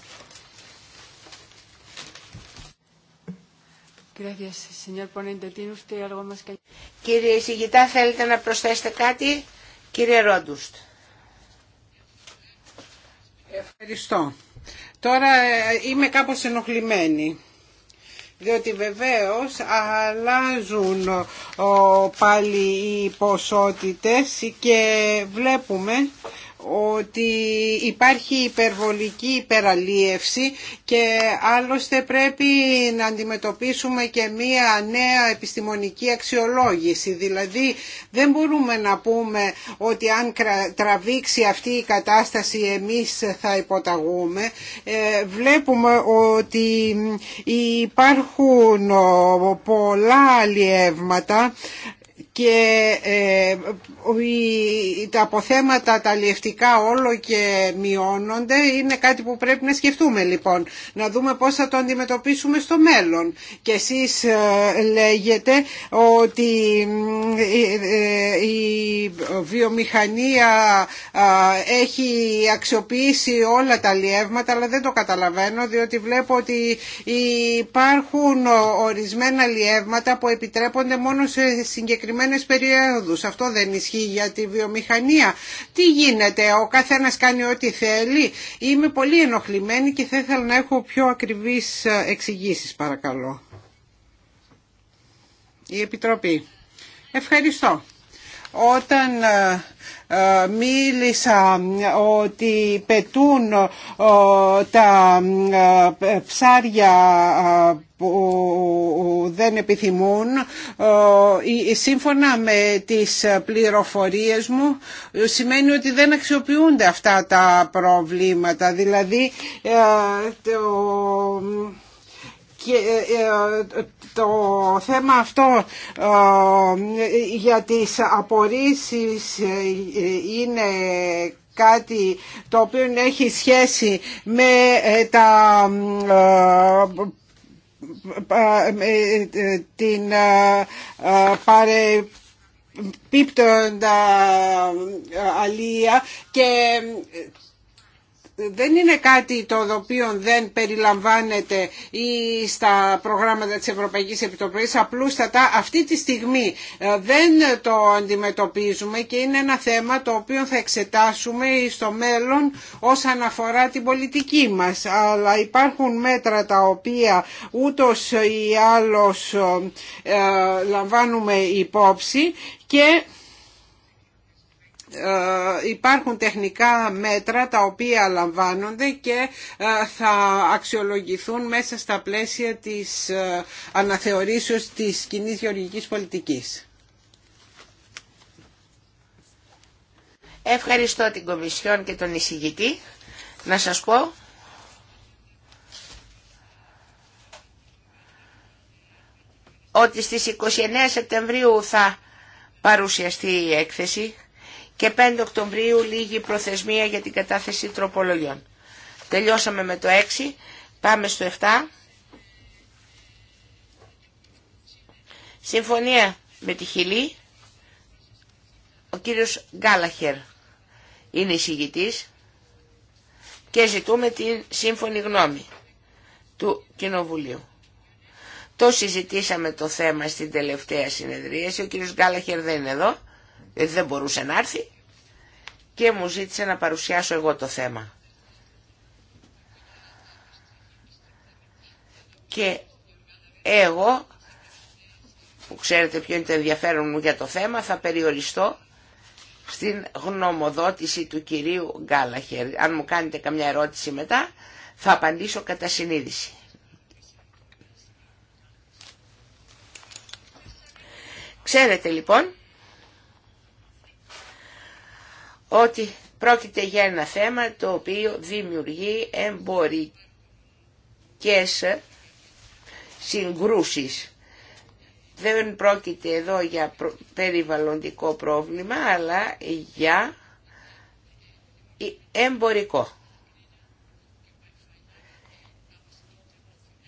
Κύριε Ισηγητά, θέλετε να προσθέσετε κάτι. Κύριε Ρόντουστ. Ευχαριστώ. Τώρα ε, είμαι κάπως ενοχλημένη διότι βεβαίως αλλάζουν πάλι οι ποσότητες και βλέπουμε ότι υπάρχει υπερβολική υπεραλίευση και άλλωστε πρέπει να αντιμετωπίσουμε και μία νέα επιστημονική αξιολόγηση. Δηλαδή δεν μπορούμε να πούμε ότι αν τραβήξει αυτή η κατάσταση εμείς θα υποταγούμε. Ε, βλέπουμε ότι υπάρχουν πολλά αλλιεύματα και ε, τα αποθέματα τα λιευτικά όλο και μειώνονται είναι κάτι που πρέπει να σκεφτούμε λοιπόν να δούμε πώς θα το αντιμετωπίσουμε στο μέλλον και εσείς ε, λέγετε ότι ε, η βιομηχανία έχει αξιοποιήσει όλα τα λιεύματα αλλά δεν το καταλαβαίνω διότι βλέπω ότι υπάρχουν ορισμένα λιεύματα που επιτρέπονται μόνο σε συγκεκριμένα αυτό δεν ισχύει για τη βιομηχανία. Τι γίνεται, ο καθένα κάνει ό,τι θέλει. Είμαι πολύ ενοχλημένη και θα ήθελα να έχω πιο ακριβεί εξηγήσει. παρακαλώ. Η Επιτροπή. Ευχαριστώ. Όταν ε, ε, μίλησα ότι πετούν ε, τα ε, ψάρια που δεν επιθυμούν σύμφωνα με τις πληροφορίες μου σημαίνει ότι δεν αξιοποιούνται αυτά τα προβλήματα δηλαδή το και ε, ε, το θέμα αυτό ε, για τις απορρίσεις είναι κάτι το οποίο έχει σχέση με τα την παρεπίπτοντα αλία και δεν είναι κάτι το οποίο δεν περιλαμβάνεται ή στα προγράμματα της Ευρωπαϊκής Επιτροπής απλούστατα αυτή τη στιγμή ε, δεν το αντιμετωπίζουμε και είναι ένα θέμα το οποίο θα εξετάσουμε στο μέλλον όσον αφορά την πολιτική μας αλλά υπάρχουν μέτρα τα οποία ούτως ή άλλως ε, λαμβάνουμε υπόψη και ε, υπάρχουν τεχνικά μέτρα τα οποία λαμβάνονται και ε, θα αξιολογηθούν μέσα στα πλαίσια της ε, αναθεωρήσεως της κοινή γεωργικής πολιτικής. Ευχαριστώ την Κομισιόν και τον εισηγητή. Να σας πω ότι στις 29 Σεπτεμβρίου θα παρουσιαστεί η έκθεση και 5 Οκτωβρίου λίγη προθεσμία για την κατάθεση τροπολογιών. Τελειώσαμε με το 6, πάμε στο 7. Συμφωνία με τη Χιλή, ο κύριος Γκάλαχερ είναι εισηγητής και ζητούμε την σύμφωνη γνώμη του Κοινοβουλίου. Το συζητήσαμε το θέμα στην τελευταία συνεδρίαση, ο κύριος Γκάλαχερ δεν είναι εδώ γιατί ε, δεν μπορούσε να έρθει και μου ζήτησε να παρουσιάσω εγώ το θέμα. Και εγώ, που ξέρετε ποιο είναι το ενδιαφέρον μου για το θέμα, θα περιοριστώ στην γνωμοδότηση του κυρίου Γκάλαχερ. Αν μου κάνετε καμιά ερώτηση μετά, θα απαντήσω κατά συνείδηση. Ξέρετε λοιπόν ότι πρόκειται για ένα θέμα το οποίο δημιουργεί εμπορικές συγκρούσεις. Δεν πρόκειται εδώ για περιβαλλοντικό πρόβλημα, αλλά για εμπορικό.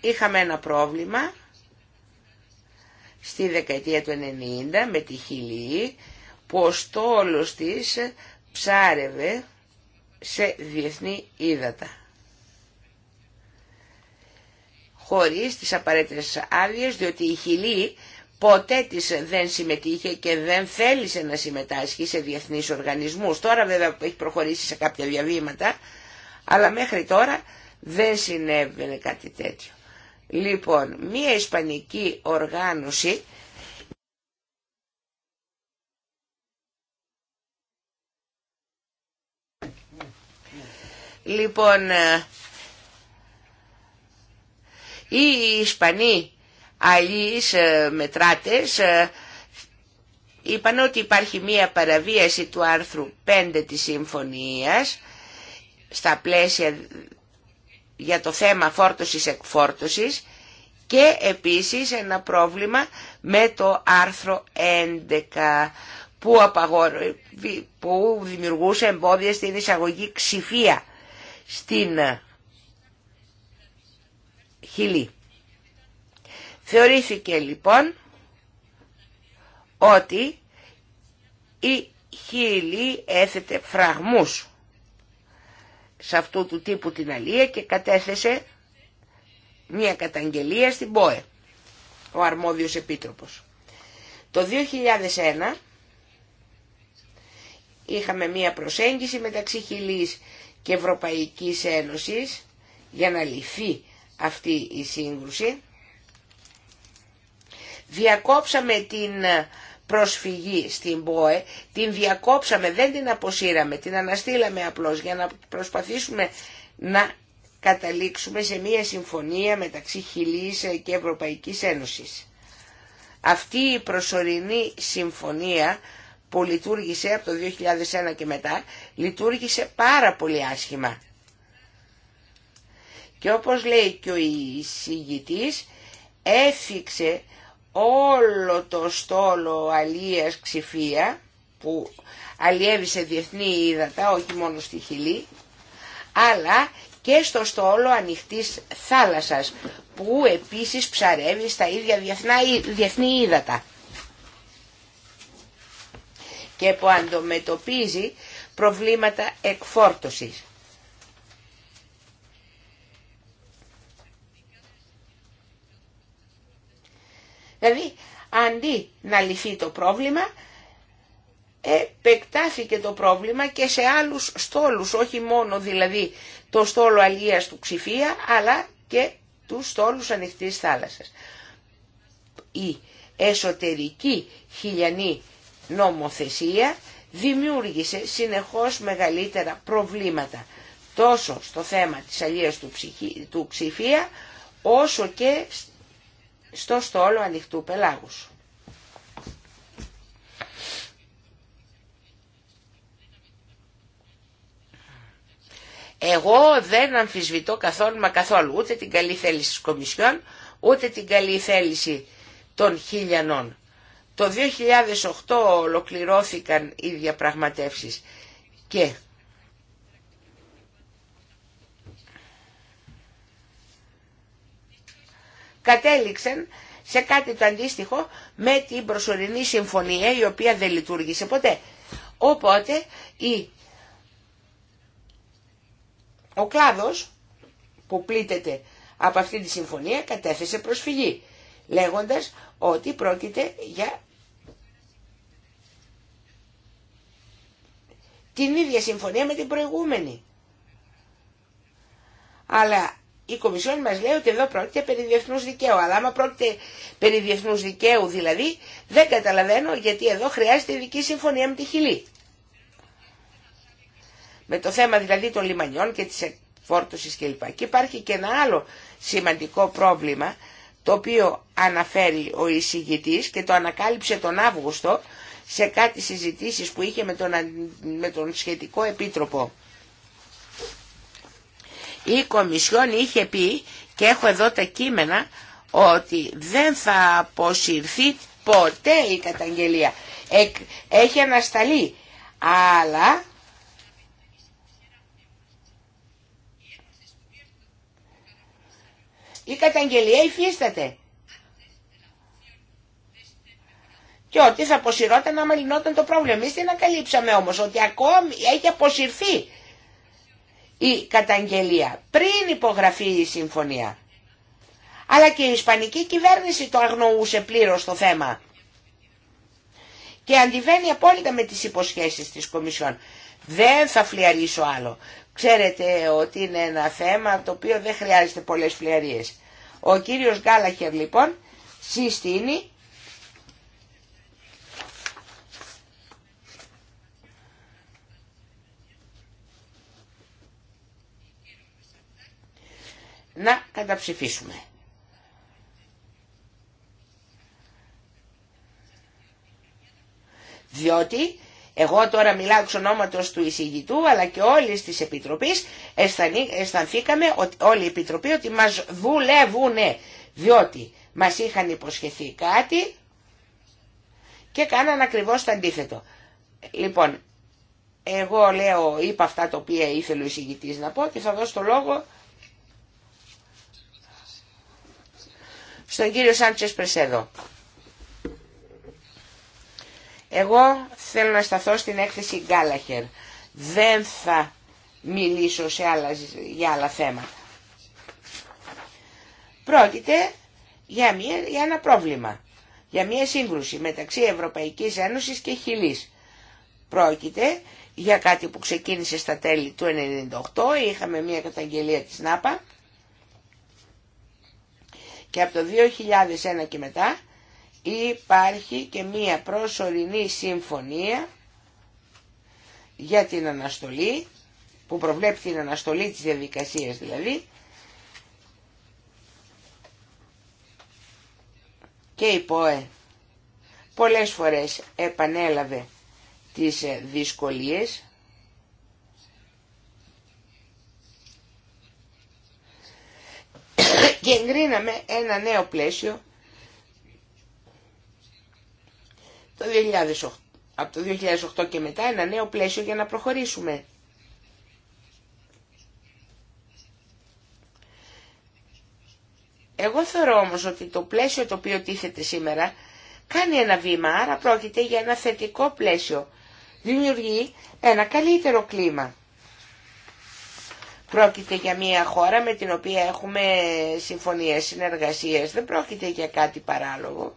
Είχαμε ένα πρόβλημα στη δεκαετία του 90 με τη Χιλή που ο της ψάρευε σε διεθνή ύδατα χωρίς τις απαραίτητες άδειε, διότι η Χιλή ποτέ της δεν συμμετείχε και δεν θέλησε να συμμετάσχει σε διεθνείς οργανισμούς. Τώρα βέβαια έχει προχωρήσει σε κάποια διαβήματα, αλλά μέχρι τώρα δεν συνέβαινε κάτι τέτοιο. Λοιπόν, μία ισπανική οργάνωση Λοιπόν, ε, οι Ισπανοί αλλοίς ε, μετράτες ε, είπαν ότι υπάρχει μία παραβίαση του άρθρου 5 της Συμφωνίας στα πλαίσια για το θέμα φόρτωσης-εκφόρτωσης και επίσης ένα πρόβλημα με το άρθρο 11 που, που δημιουργούσε εμπόδια στην εισαγωγή ξηφία στην Χιλή. Θεωρήθηκε λοιπόν ότι η Χιλή έθετε φραγμούς σε αυτού του τύπου την αλία και κατέθεσε μια καταγγελία στην ΠΟΕ, ο αρμόδιος επίτροπος. Το 2001 είχαμε μια προσέγγιση μεταξύ Χιλής και Ευρωπαϊκής Ένωσης για να λυθεί αυτή η σύγκρουση. Διακόψαμε την προσφυγή στην ΠΟΕ, την διακόψαμε, δεν την αποσύραμε, την αναστήλαμε απλώς για να προσπαθήσουμε να καταλήξουμε σε μια συμφωνία μεταξύ Χιλής και Ευρωπαϊκής Ένωσης. Αυτή η προσωρινή συμφωνία που λειτουργήσε από το 2001 και μετά, λειτουργήσε πάρα πολύ άσχημα. Και όπως λέει και ο εισηγητής, έφυξε όλο το στόλο αλίας ξηφία, που αλλιεύει σε διεθνή ύδατα, όχι μόνο στη Χιλή, αλλά και στο στόλο ανοιχτής θάλασσας, που επίσης ψαρεύει στα ίδια διεθνή ύδατα και που αντιμετωπίζει προβλήματα εκφόρτωσης. Δηλαδή, αντί να λυθεί το πρόβλημα, επεκτάθηκε το πρόβλημα και σε άλλους στόλους, όχι μόνο δηλαδή το στόλο αλίας του Ξηφία, αλλά και του στόλους ανοιχτής θάλασσας. Η εσωτερική χιλιανή νομοθεσία δημιούργησε συνεχώς μεγαλύτερα προβλήματα τόσο στο θέμα της αλλίας του, ψυχή, ψηφία όσο και στο στόλο ανοιχτού πελάγους. Εγώ δεν αμφισβητώ καθόλου μα καθόλου ούτε την καλή θέληση της Κομισιόν ούτε την καλή θέληση των χιλιανών. Το 2008 ολοκληρώθηκαν οι διαπραγματεύσεις και κατέληξαν σε κάτι το αντίστοιχο με την προσωρινή συμφωνία η οποία δεν λειτουργήσε ποτέ. Οπότε η... ο κλάδος που πλήττεται από αυτή τη συμφωνία κατέθεσε προσφυγή λέγοντας ότι πρόκειται για την ίδια συμφωνία με την προηγούμενη. Αλλά η Κομισιόν μας λέει ότι εδώ πρόκειται περί διεθνούς δικαίου. Αλλά άμα πρόκειται περί διεθνούς δικαίου δηλαδή, δεν καταλαβαίνω γιατί εδώ χρειάζεται ειδική συμφωνία με τη Χιλή. Με το θέμα δηλαδή των λιμανιών και της εκφόρτωσης κλπ. Και υπάρχει και ένα άλλο σημαντικό πρόβλημα το οποίο αναφέρει ο εισηγητής και το ανακάλυψε τον Αύγουστο σε κάτι συζητήσεις που είχε με τον, με τον σχετικό επίτροπο. Η Κομισιόν είχε πει και έχω εδώ τα κείμενα ότι δεν θα αποσυρθεί ποτέ η καταγγελία. Έχει ανασταλεί. Αλλά Η καταγγελία υφίσταται. Και ότι θα αποσυρώταν άμα λυνόταν το πρόβλημα. Εμεί την ανακαλύψαμε όμως, ότι ακόμη έχει αποσυρθεί η καταγγελία πριν υπογραφεί η συμφωνία. Αλλά και η Ισπανική κυβέρνηση το αγνοούσε πλήρως το θέμα. Και αντιβαίνει απόλυτα με τις υποσχέσεις της Κομισιόν. Δεν θα φλιαρίσω άλλο. Ξέρετε ότι είναι ένα θέμα το οποίο δεν χρειάζεται πολλές φλιαρίες. Ο κύριος Γκάλαχερ λοιπόν συστήνει να καταψηφίσουμε. Διότι εγώ τώρα μιλάω εξ ονόματος του εισηγητού αλλά και όλη της Επιτροπής αισθανθήκαμε ότι όλη η Επιτροπή ότι μας δουλεύουνε διότι μας είχαν υποσχεθεί κάτι και κάναν ακριβώς το αντίθετο. Λοιπόν, εγώ λέω, είπα αυτά τα οποία ήθελε ο εισηγητής να πω και θα δώσω το λόγο στον κύριο Σάντσες Πρεσέδο. Εγώ θέλω να σταθώ στην έκθεση Γκάλαχερ. Δεν θα μιλήσω σε άλλα, για άλλα θέματα. Πρόκειται για, μια, για ένα πρόβλημα, για μια σύγκρουση μεταξύ Ευρωπαϊκής Ένωσης και Χιλής. Πρόκειται για κάτι που ξεκίνησε στα τέλη του 1998, είχαμε μια καταγγελία της ΝΑΠΑ και από το 2001 και μετά υπάρχει και μία προσωρινή συμφωνία για την αναστολή, που προβλέπει την αναστολή της διαδικασίας δηλαδή, και η ΠΟΕ πολλές φορές επανέλαβε τις ε, δυσκολίες και εγκρίναμε ένα νέο πλαίσιο 2008, από το 2008 και μετά ένα νέο πλαίσιο για να προχωρήσουμε. Εγώ θεωρώ όμως ότι το πλαίσιο το οποίο τίθεται σήμερα κάνει ένα βήμα, άρα πρόκειται για ένα θετικό πλαίσιο. Δημιουργεί ένα καλύτερο κλίμα. Πρόκειται για μια χώρα με την οποία έχουμε συμφωνίες, συνεργασίες, δεν πρόκειται για κάτι παράλογο.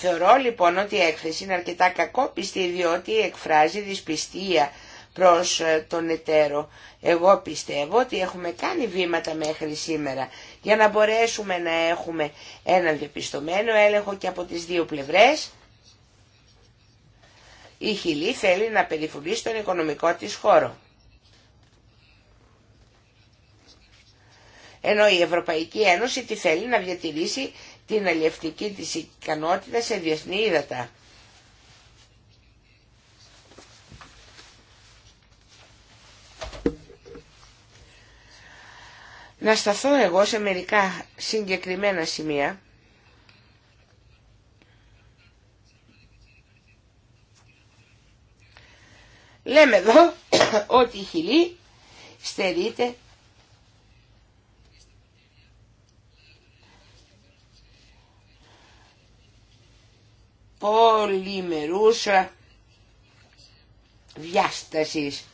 Θεωρώ λοιπόν ότι η έκθεση είναι αρκετά κακόπιστη διότι εκφράζει δυσπιστία προς ε, τον εταίρο. Εγώ πιστεύω ότι έχουμε κάνει βήματα μέχρι σήμερα για να μπορέσουμε να έχουμε έναν διαπιστωμένο έλεγχο και από τις δύο πλευρές. Η Χιλή θέλει να περιφρουρήσει τον οικονομικό της χώρο. Ενώ η Ευρωπαϊκή Ένωση τη θέλει να διατηρήσει την αλλιευτική της ικανότητα σε διεθνή ύδατα. Να σταθώ εγώ σε μερικά συγκεκριμένα σημεία Λέμε εδώ ότι η χιλή στερείται πολυμερούσα διάστασης.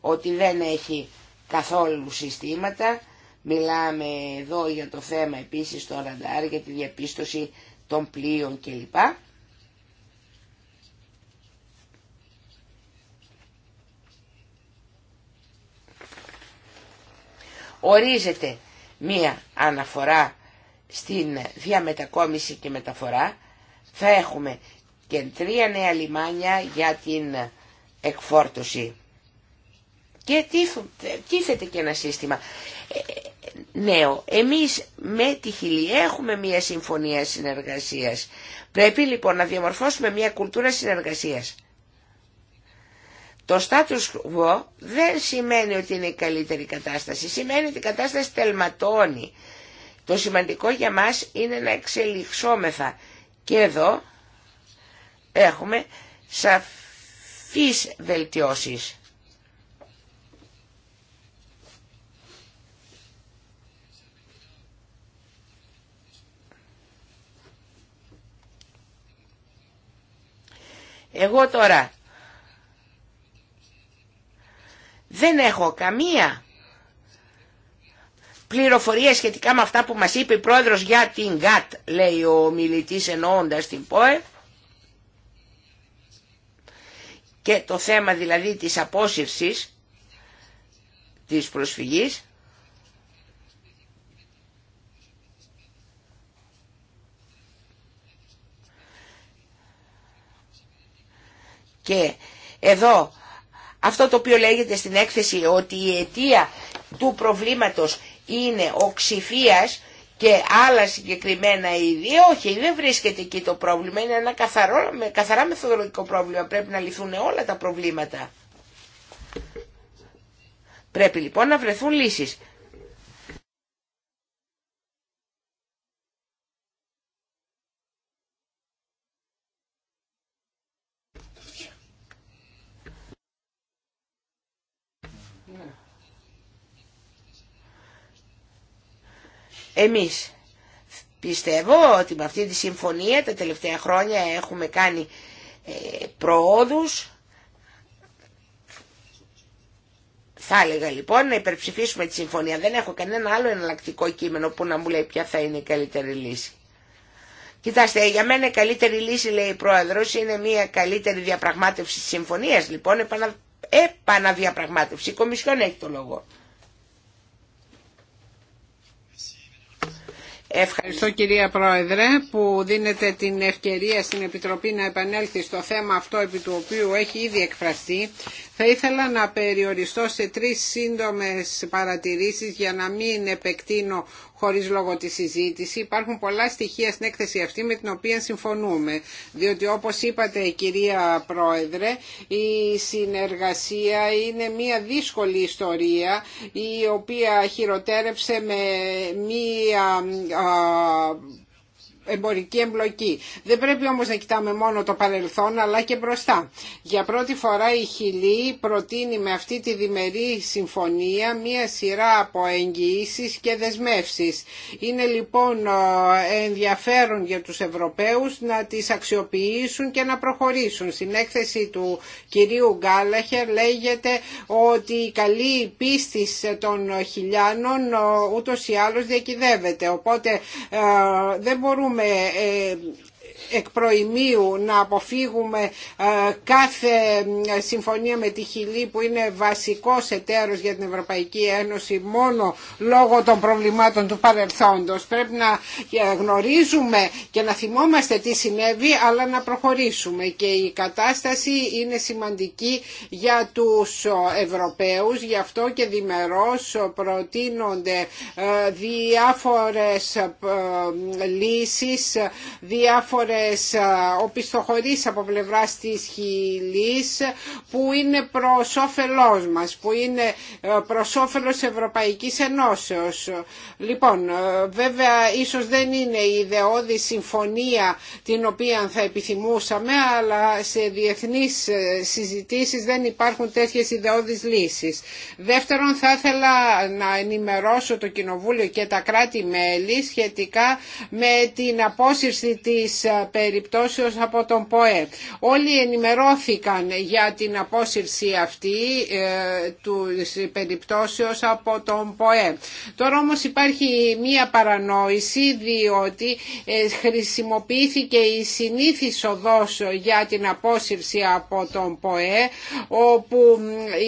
Ότι δεν έχει καθόλου συστήματα. Μιλάμε εδώ για το θέμα επίσης το ραντάρ, για τη διαπίστωση των πλοίων κλπ. Ορίζεται μία αναφορά στην διαμετακόμιση και μεταφορά θα έχουμε και τρία νέα λιμάνια για την εκφόρτωση. Και τίθεται και ένα σύστημα ε, νέο. Εμείς με τη Χιλή έχουμε μία συμφωνία συνεργασίας. Πρέπει λοιπόν να διαμορφώσουμε μία κουλτούρα συνεργασίας. Το status quo δεν σημαίνει ότι είναι η καλύτερη κατάσταση. Σημαίνει ότι η κατάσταση τελματώνει. Το σημαντικό για μας είναι να εξελιξόμεθα. Και εδώ έχουμε σαφείς βελτιώσεις. Εγώ τώρα δεν έχω καμία πληροφορία σχετικά με αυτά που μας είπε η πρόεδρος για την ΓΑΤ, λέει ο μιλητής εννοώντας την ΠΟΕ. Και το θέμα δηλαδή της απόσυρσης της προσφυγής. Και εδώ αυτό το οποίο λέγεται στην έκθεση ότι η αιτία του προβλήματος είναι οξυφίας και άλλα συγκεκριμένα είδη, ε, όχι, δεν βρίσκεται εκεί το πρόβλημα, είναι ένα καθαρό, καθαρά μεθοδολογικό πρόβλημα, πρέπει να λυθούν όλα τα προβλήματα. Πρέπει λοιπόν να βρεθούν λύσεις. Εμείς πιστεύω ότι με αυτή τη συμφωνία τα τελευταία χρόνια έχουμε κάνει ε, προόδους. Θα έλεγα λοιπόν να υπερψηφίσουμε τη συμφωνία. Δεν έχω κανένα άλλο εναλλακτικό κείμενο που να μου λέει ποια θα είναι η καλύτερη λύση. Κοιτάστε, για μένα η καλύτερη λύση, λέει η Πρόεδρος είναι μια καλύτερη διαπραγμάτευση της συμφωνία. Λοιπόν, επαναδιαπραγμάτευση. Η Κομισιόν έχει το λόγο. Ευχαριστώ κυρία Πρόεδρε που δίνετε την ευκαιρία στην Επιτροπή να επανέλθει στο θέμα αυτό επί του οποίου έχει ήδη εκφραστεί. Θα ήθελα να περιοριστώ σε τρεις σύντομες παρατηρήσεις για να μην επεκτείνω χωρίς λόγο τη συζήτηση. Υπάρχουν πολλά στοιχεία στην έκθεση αυτή με την οποία συμφωνούμε. Διότι όπως είπατε κυρία Πρόεδρε, η συνεργασία είναι μια δύσκολη ιστορία η οποία χειροτέρεψε με μια εμπορική εμπλοκή. Δεν πρέπει όμως να κοιτάμε μόνο το παρελθόν αλλά και μπροστά. Για πρώτη φορά η Χιλή προτείνει με αυτή τη διμερή συμφωνία μία σειρά από εγγυήσει και δεσμεύσεις. Είναι λοιπόν ε, ενδιαφέρον για τους Ευρωπαίους να τις αξιοποιήσουν και να προχωρήσουν. Στην έκθεση του κυρίου Γκάλαχερ λέγεται ότι η καλή πίστη των χιλιάνων ε, ούτως ή άλλως διακυδεύεται. Οπότε ε, δεν μπορούμε έχουμε ε, εκ να αποφύγουμε ε, κάθε ε, συμφωνία με τη Χιλή που είναι βασικό εταίρος για την Ευρωπαϊκή Ένωση μόνο λόγω των προβλημάτων του παρελθόντος. Πρέπει να ε, γνωρίζουμε και να θυμόμαστε τι συνέβη αλλά να προχωρήσουμε και η κατάσταση είναι σημαντική για τους Ευρωπαίους γι' αυτό και διμερώς προτείνονται διάφορες λύσεις, διάφορες ο οπισθοχωρείς από πλευράς της Χιλής που είναι προς όφελός μας, που είναι ε, προς όφελος Ευρωπαϊκής Ενώσεως. Λοιπόν, ε, βέβαια ίσως δεν είναι η ιδεώδη συμφωνία την οποία θα επιθυμούσαμε, αλλά σε διεθνείς ε, συζητήσεις δεν υπάρχουν τέτοιες ιδεώδεις λύσεις. Δεύτερον, θα ήθελα να ενημερώσω το Κοινοβούλιο και τα κράτη-μέλη σχετικά με την απόσυρση της περιπτώσεως από τον ΠΟΕ. Όλοι ενημερώθηκαν για την απόσυρση αυτή ε, του περιπτώσεως από τον ΠΟΕ. Τώρα όμως υπάρχει μία παρανόηση διότι ε, χρησιμοποιήθηκε η συνήθις οδός για την απόσυρση από τον ΠΟΕ όπου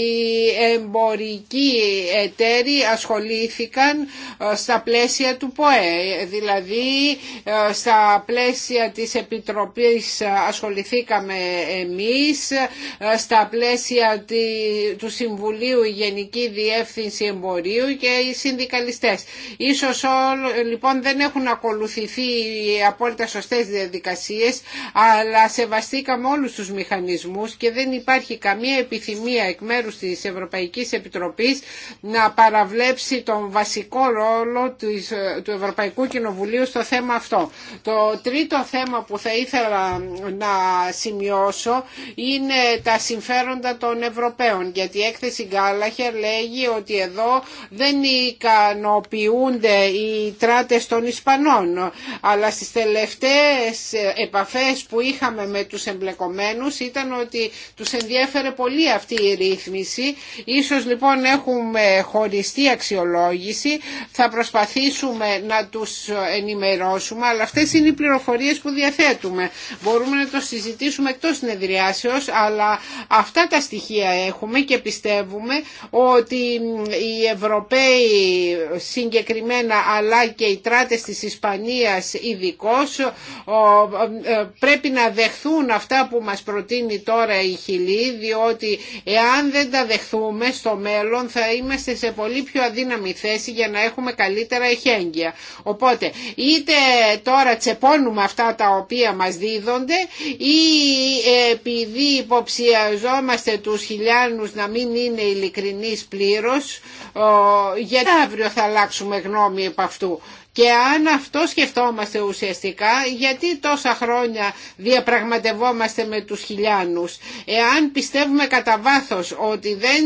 οι εμπορικοί εταίροι ασχολήθηκαν ε, στα πλαίσια του ΠΟΕ δηλαδή στα πλαίσια της της Επιτροπής ασχοληθήκαμε εμείς ε, στα πλαίσια του Συμβουλίου η Γενική Διεύθυνση Εμπορίου και οι συνδικαλιστές. Ίσως όλοι λοιπόν δεν έχουν ακολουθηθεί οι απόλυτα σωστές διαδικασίες αλλά σεβαστήκαμε όλους τους μηχανισμούς και δεν υπάρχει καμία επιθυμία εκ μέρους της Ευρωπαϊκής Επιτροπής να παραβλέψει τον βασικό ρόλο ε, του Ευρωπαϊκού Κοινοβουλίου στο θέμα αυτό. Το τρίτο θέμα που θα ήθελα να σημειώσω είναι τα συμφέροντα των Ευρωπαίων γιατί η έκθεση Γκάλαχερ λέγει ότι εδώ δεν ικανοποιούνται οι τράτες των Ισπανών αλλά στις τελευταίες επαφές που είχαμε με τους εμπλεκομένους ήταν ότι τους ενδιέφερε πολύ αυτή η ρύθμιση ίσως λοιπόν έχουμε χωριστή αξιολόγηση θα προσπαθήσουμε να τους ενημερώσουμε αλλά αυτές είναι οι πληροφορίες που διαθέτουμε. Μπορούμε να το συζητήσουμε εκτός συνεδριάσεως, αλλά αυτά τα στοιχεία έχουμε και πιστεύουμε ότι οι Ευρωπαίοι συγκεκριμένα αλλά και οι τράτες της Ισπανίας ειδικώ πρέπει να δεχθούν αυτά που μας προτείνει τώρα η Χιλή διότι εάν δεν τα δεχθούμε στο μέλλον θα είμαστε σε πολύ πιο αδύναμη θέση για να έχουμε καλύτερα εχέγγυα. Οπότε είτε τώρα τσεπώνουμε αυτά τα τα οποία μας δίδονται ή επειδή υποψιαζόμαστε τους χιλιάνους να μην είναι ειλικρινείς πλήρως γιατί αύριο θα αλλάξουμε γνώμη επ' αυτού. Και αν αυτό σκεφτόμαστε ουσιαστικά, γιατί τόσα χρόνια διαπραγματευόμαστε με τους χιλιάνους. Εάν πιστεύουμε κατά βάθο ότι δεν,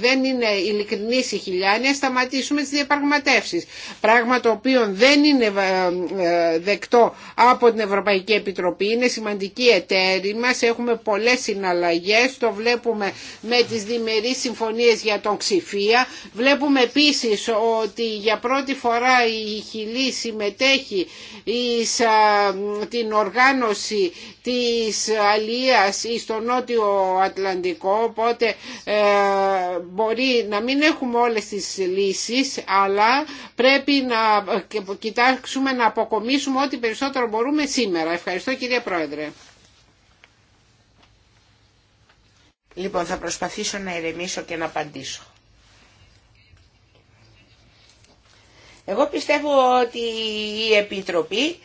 δεν είναι ειλικρινείς οι χιλιάνοι, σταματήσουμε τις διαπραγματεύσεις. Πράγμα το οποίο δεν είναι ε, ε, δεκτό από την Ευρωπαϊκή Επιτροπή. Είναι σημαντική εταίρη μας, έχουμε πολλές συναλλαγές, το βλέπουμε με τις διμερείς συμφωνίες για τον Ξηφία. Βλέπουμε επίσης ότι για πρώτη φορά η Χιλή συμμετέχει εις την οργάνωση της Αλίας στο Νότιο Ατλαντικό οπότε ε, μπορεί να μην έχουμε όλες τις λύσεις αλλά πρέπει να κοιτάξουμε να αποκομίσουμε ό,τι περισσότερο μπορούμε σήμερα. Ευχαριστώ κυρία Πρόεδρε. Λοιπόν, θα προσπαθήσω να ηρεμήσω και να απαντήσω. Εγώ πιστεύω ότι η Επιτροπή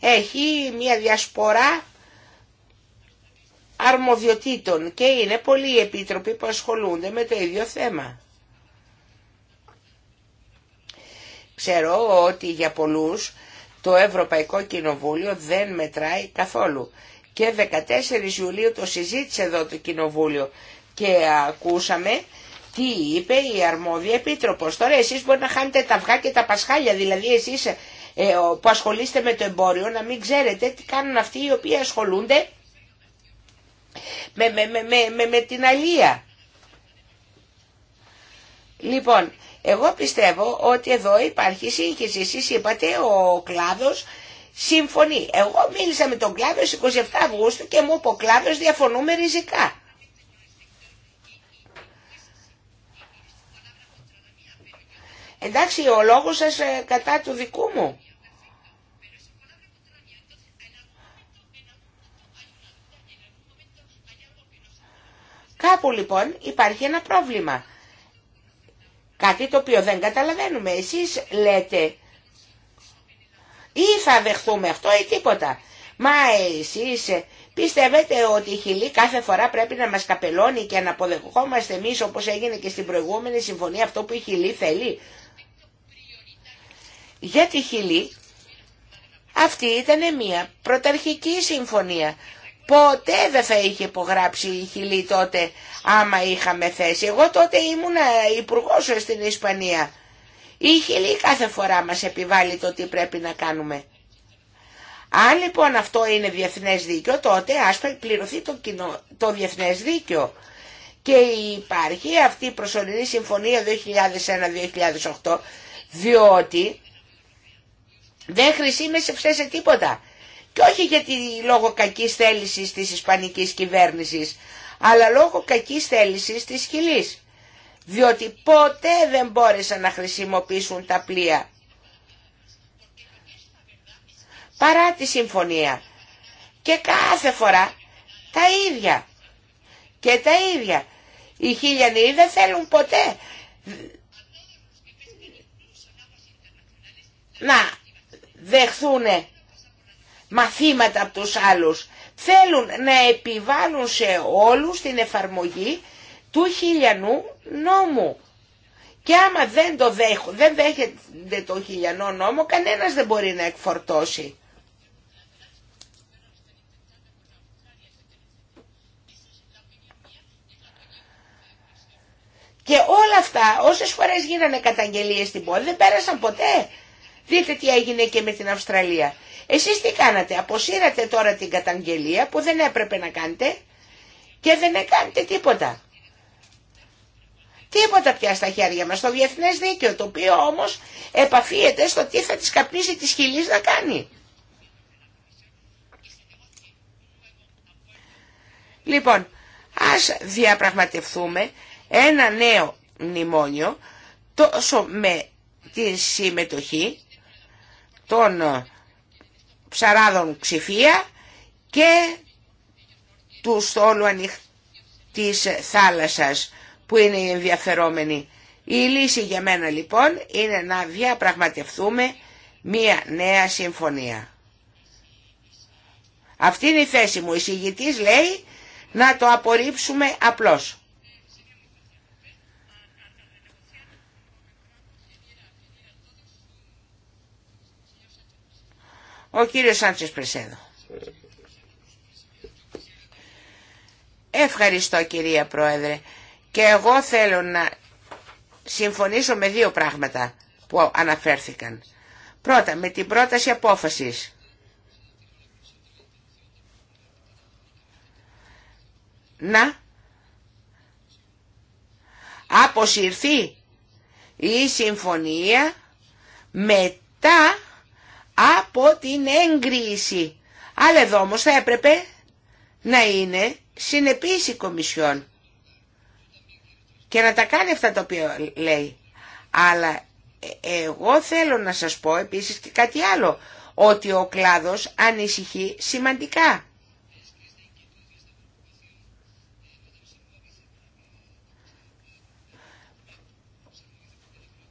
έχει μια διασπορά αρμοδιοτήτων και είναι πολλοί οι επίτροποι που ασχολούνται με το ίδιο θέμα. Ξέρω ότι για πολλούς το Ευρωπαϊκό Κοινοβούλιο δεν μετράει καθόλου. Και 14 Ιουλίου το συζήτησε εδώ το Κοινοβούλιο και ακούσαμε τι είπε η αρμόδια επίτροπος. Τώρα εσείς μπορεί να χάνετε τα αυγά και τα πασχάλια, δηλαδή εσείς ε, που ασχολείστε με το εμπόριο να μην ξέρετε τι κάνουν αυτοί οι οποίοι ασχολούνται με, με, με, με την αλία. Λοιπόν, εγώ πιστεύω ότι εδώ υπάρχει σύγχυση. Εσείς είπατε ο κλάδος συμφωνεί. Εγώ μίλησα με τον κλάδο στις 27 Αυγούστου και μου είπε ο κλάδος διαφωνούμε ριζικά. Εντάξει, ο λόγος σας ε, κατά του δικού μου. Κάπου λοιπόν υπάρχει ένα πρόβλημα. Κάτι το οποίο δεν καταλαβαίνουμε. Εσείς λέτε ή θα δεχθούμε αυτό ή τίποτα. Μα εσείς ε, πιστεύετε ότι η Χιλή κάθε φορά πρέπει να μας καπελώνει και να αποδεχόμαστε εμείς όπως έγινε και στην προηγούμενη συμφωνία αυτό που η Χιλή θέλει για τη Χιλή αυτή ήταν μια πρωταρχική συμφωνία. Ποτέ δεν θα είχε υπογράψει η Χιλή τότε άμα είχαμε θέση. Εγώ τότε ήμουν ε, υπουργό στην Ισπανία. Η Χιλή κάθε φορά μας επιβάλλει το τι πρέπει να κάνουμε. Αν λοιπόν αυτό είναι διεθνές δίκαιο τότε ας πληρωθεί το, κοινο, το διεθνές δίκαιο. Και υπάρχει αυτή η προσωρινή συμφωνία 2001-2008 διότι δεν χρησιμεύσε σε τίποτα. Και όχι γιατί λόγω κακής θέλησης της ισπανικής κυβέρνησης, αλλά λόγω κακής θέλησης της Χιλή. Διότι ποτέ δεν μπόρεσαν να χρησιμοποιήσουν τα πλοία. Παρά τη συμφωνία. Και κάθε φορά τα ίδια. Και τα ίδια. Οι χιλιανοί δεν θέλουν ποτέ να δεχθούν μαθήματα από τους άλλους. Θέλουν να επιβάλλουν σε όλους την εφαρμογή του χιλιανού νόμου. Και άμα δεν, το δέχ, δεν δέχεται το χιλιανό νόμο, κανένας δεν μπορεί να εκφορτώσει. Και όλα αυτά, όσες φορές γίνανε καταγγελίες στην πόλη, δεν πέρασαν ποτέ Δείτε τι έγινε και με την Αυστραλία. Εσείς τι κάνατε, αποσύρατε τώρα την καταγγελία που δεν έπρεπε να κάνετε και δεν κάνετε τίποτα. Τίποτα πια στα χέρια μας, το διεθνές δίκαιο, το οποίο όμως επαφίεται στο τι θα της καπνίσει τη χιλής να κάνει. Λοιπόν, ας διαπραγματευτούμε ένα νέο μνημόνιο τόσο με τη συμμετοχή των ε, ψαράδων ξηφία και του στόλου ανοιχτής θάλασσας που είναι οι ενδιαφερόμενοι. Η λύση για μένα λοιπόν είναι να διαπραγματευτούμε μία νέα συμφωνία. Αυτή είναι η θέση μου. Η λέει να το απορρίψουμε απλώς. Ο κύριος Σάντσες Πρεσέδο. Ευχαριστώ κυρία Πρόεδρε. Και εγώ θέλω να συμφωνήσω με δύο πράγματα που αναφέρθηκαν. Πρώτα, με την πρόταση απόφασης. Να αποσυρθεί η συμφωνία μετά από την έγκριση. Αλλά εδώ όμω θα έπρεπε να είναι συνεπής η Κομισιόν και να τα κάνει αυτά τα οποία λέει. Αλλά ε, εγώ θέλω να σας πω επίσης και κάτι άλλο, ότι ο κλάδος ανησυχεί σημαντικά.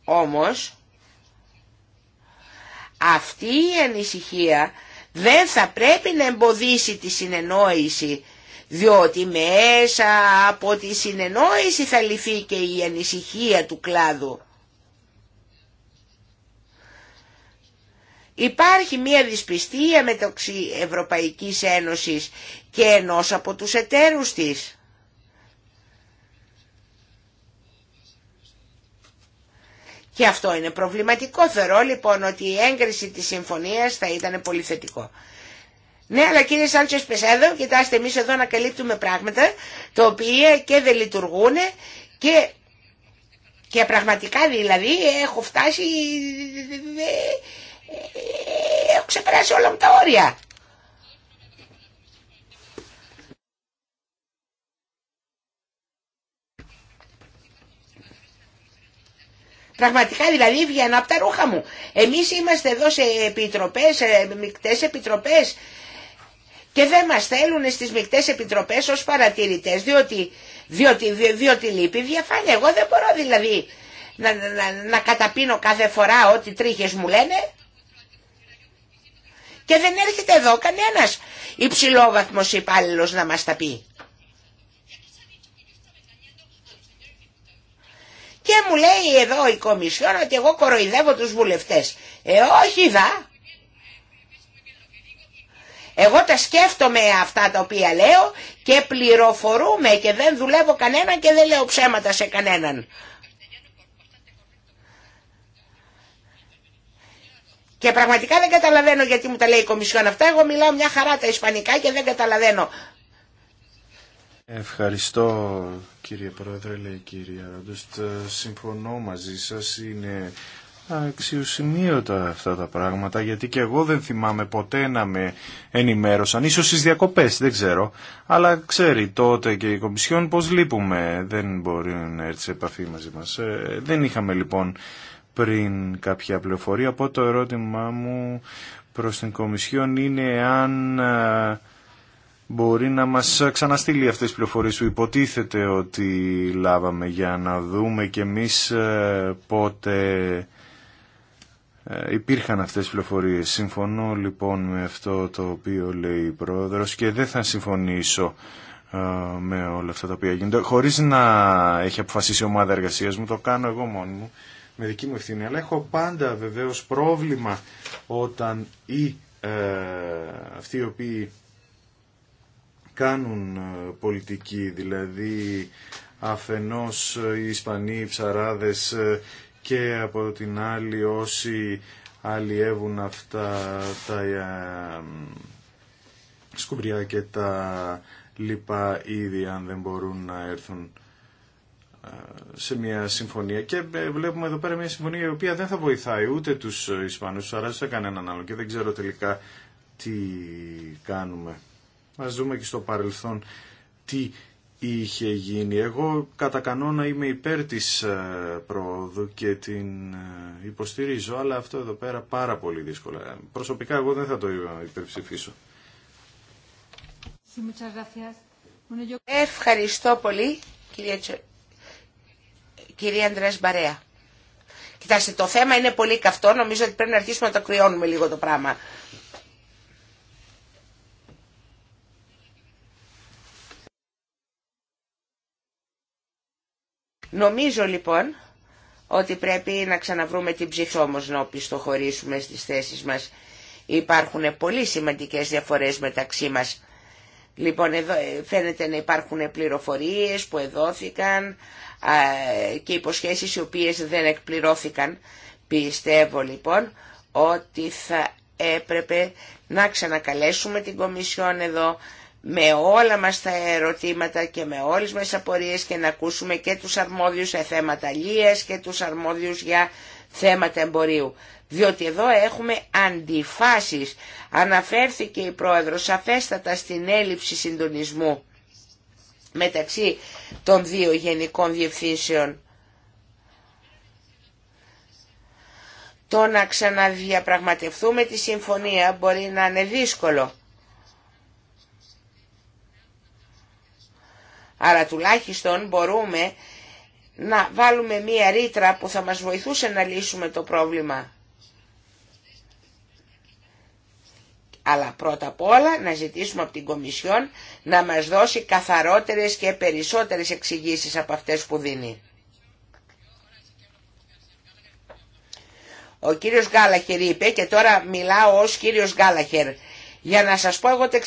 Όμως, αυτή η ανησυχία δεν θα πρέπει να εμποδίσει τη συνεννόηση, διότι μέσα από τη συνεννόηση θα λυθεί και η ανησυχία του κλάδου. Υπάρχει μια δυσπιστία μεταξύ Ευρωπαϊκής Ένωσης και ενός από τους εταίρους της. Και αυτό είναι προβληματικό. Θεωρώ λοιπόν ότι η έγκριση της συμφωνίας θα ήταν πολύ θετικό. Ναι, αλλά κύριε Σάντσο Πεσέδο, κοιτάστε εμεί εδώ να καλύπτουμε πράγματα τα οποία και δεν λειτουργούν και, και πραγματικά δηλαδή έχω φτάσει. έχω ξεπεράσει όλα μου τα όρια. Πραγματικά δηλαδή βγαίνω από τα ρούχα μου. Εμείς είμαστε εδώ σε επιτροπές, σε μικτές επιτροπές και δεν μας θέλουν στις μικτές επιτροπές ως παρατηρητές διότι, διότι, διότι, λείπει διαφάνεια. Εγώ δεν μπορώ δηλαδή να, να, να καταπίνω κάθε φορά ό,τι τρίχες μου λένε και δεν έρχεται εδώ κανένας υψηλόβαθμος υπάλληλο να μας τα πει. Και μου λέει εδώ η Κομισιόν ότι εγώ κοροϊδεύω τους βουλευτές. Ε, όχι δα. Εγώ τα σκέφτομαι αυτά τα οποία λέω και πληροφορούμε και δεν δουλεύω κανέναν και δεν λέω ψέματα σε κανέναν. Και πραγματικά δεν καταλαβαίνω γιατί μου τα λέει η Κομισιόν αυτά. Εγώ μιλάω μια χαρά τα Ισπανικά και δεν καταλαβαίνω Ευχαριστώ κύριε Πρόεδρε, λέει κύριε Ραντούστ. Ε, συμφωνώ μαζί σας, είναι αξιοσημείωτα αυτά τα πράγματα, γιατί και εγώ δεν θυμάμαι ποτέ να με ενημέρωσαν, ίσως στις διακοπές, δεν ξέρω, αλλά ξέρει τότε και η Κομισιόν πως λείπουμε, δεν μπορεί να έρθει σε επαφή μαζί μας. Ε, δεν είχαμε λοιπόν πριν κάποια πληροφορία, από το ερώτημά μου προς την Κομισιόν είναι αν ε, μπορεί να μας ξαναστείλει αυτές τις πληροφορίες που υποτίθεται ότι λάβαμε για να δούμε και εμείς ε, πότε ε, υπήρχαν αυτές τις πληροφορίες. Συμφωνώ λοιπόν με αυτό το οποίο λέει η Πρόεδρος και δεν θα συμφωνήσω ε, με όλα αυτά τα οποία γίνονται. Χωρίς να έχει αποφασίσει η ομάδα εργασίας μου, το κάνω εγώ μόνο μου, με δική μου ευθύνη. Αλλά έχω πάντα βεβαίως πρόβλημα όταν ή αυτοί οι οποίοι κάνουν ε, πολιτική, δηλαδή αφενός ε, οι Ισπανοί οι ψαράδες ε, και από την άλλη όσοι αλλιεύουν αυτά τα σκουμπριά και τα λοιπά ήδη αν δεν μπορούν να έρθουν σε μια συμφωνία και βλέπουμε εδώ πέρα μια συμφωνία η οποία δεν θα βοηθάει ούτε τους Ισπανούς, Ψαράδες, σε κανέναν άλλο και δεν ξέρω τελικά τι κάνουμε. Ας δούμε και στο παρελθόν τι είχε γίνει. Εγώ κατά κανόνα είμαι υπέρ της ε, πρόοδου και την ε, υποστηρίζω, αλλά αυτό εδώ πέρα πάρα πολύ δύσκολα. Προσωπικά εγώ δεν θα το υπερψηφίσω. Ευχαριστώ πολύ κυρία, κυρία Ανδρέας Μπαρέα. Κοιτάξτε, το θέμα είναι πολύ καυτό. Νομίζω ότι πρέπει να αρχίσουμε να το κρυώνουμε λίγο το πράγμα. Νομίζω λοιπόν ότι πρέπει να ξαναβρούμε την ψυχή όμως να οπισθοχωρήσουμε στις θέσεις μας. Υπάρχουν πολύ σημαντικές διαφορές μεταξύ μας. Λοιπόν, εδώ ε, φαίνεται να υπάρχουν πληροφορίες που εδόθηκαν και υποσχέσεις οι οποίες δεν εκπληρώθηκαν. Πιστεύω λοιπόν ότι θα έπρεπε να ξανακαλέσουμε την Κομισιόν εδώ με όλα μας τα ερωτήματα και με όλες μας τις απορίες και να ακούσουμε και τους αρμόδιους σε θέματα λίες και τους αρμόδιους για θέματα εμπορίου. Διότι εδώ έχουμε αντιφάσεις. Αναφέρθηκε η Πρόεδρος σαφέστατα στην έλλειψη συντονισμού μεταξύ των δύο γενικών διευθύνσεων. Το να ξαναδιαπραγματευτούμε τη συμφωνία μπορεί να είναι δύσκολο Αλλά τουλάχιστον μπορούμε να βάλουμε μία ρήτρα που θα μας βοηθούσε να λύσουμε το πρόβλημα. Αλλά πρώτα απ' όλα να ζητήσουμε από την Κομισιόν να μας δώσει καθαρότερες και περισσότερες εξηγήσεις από αυτές που δίνει. Ο κύριος Γκάλαχερ είπε και τώρα μιλάω ως κύριος Γκάλαχερ για να σας πω εγώ το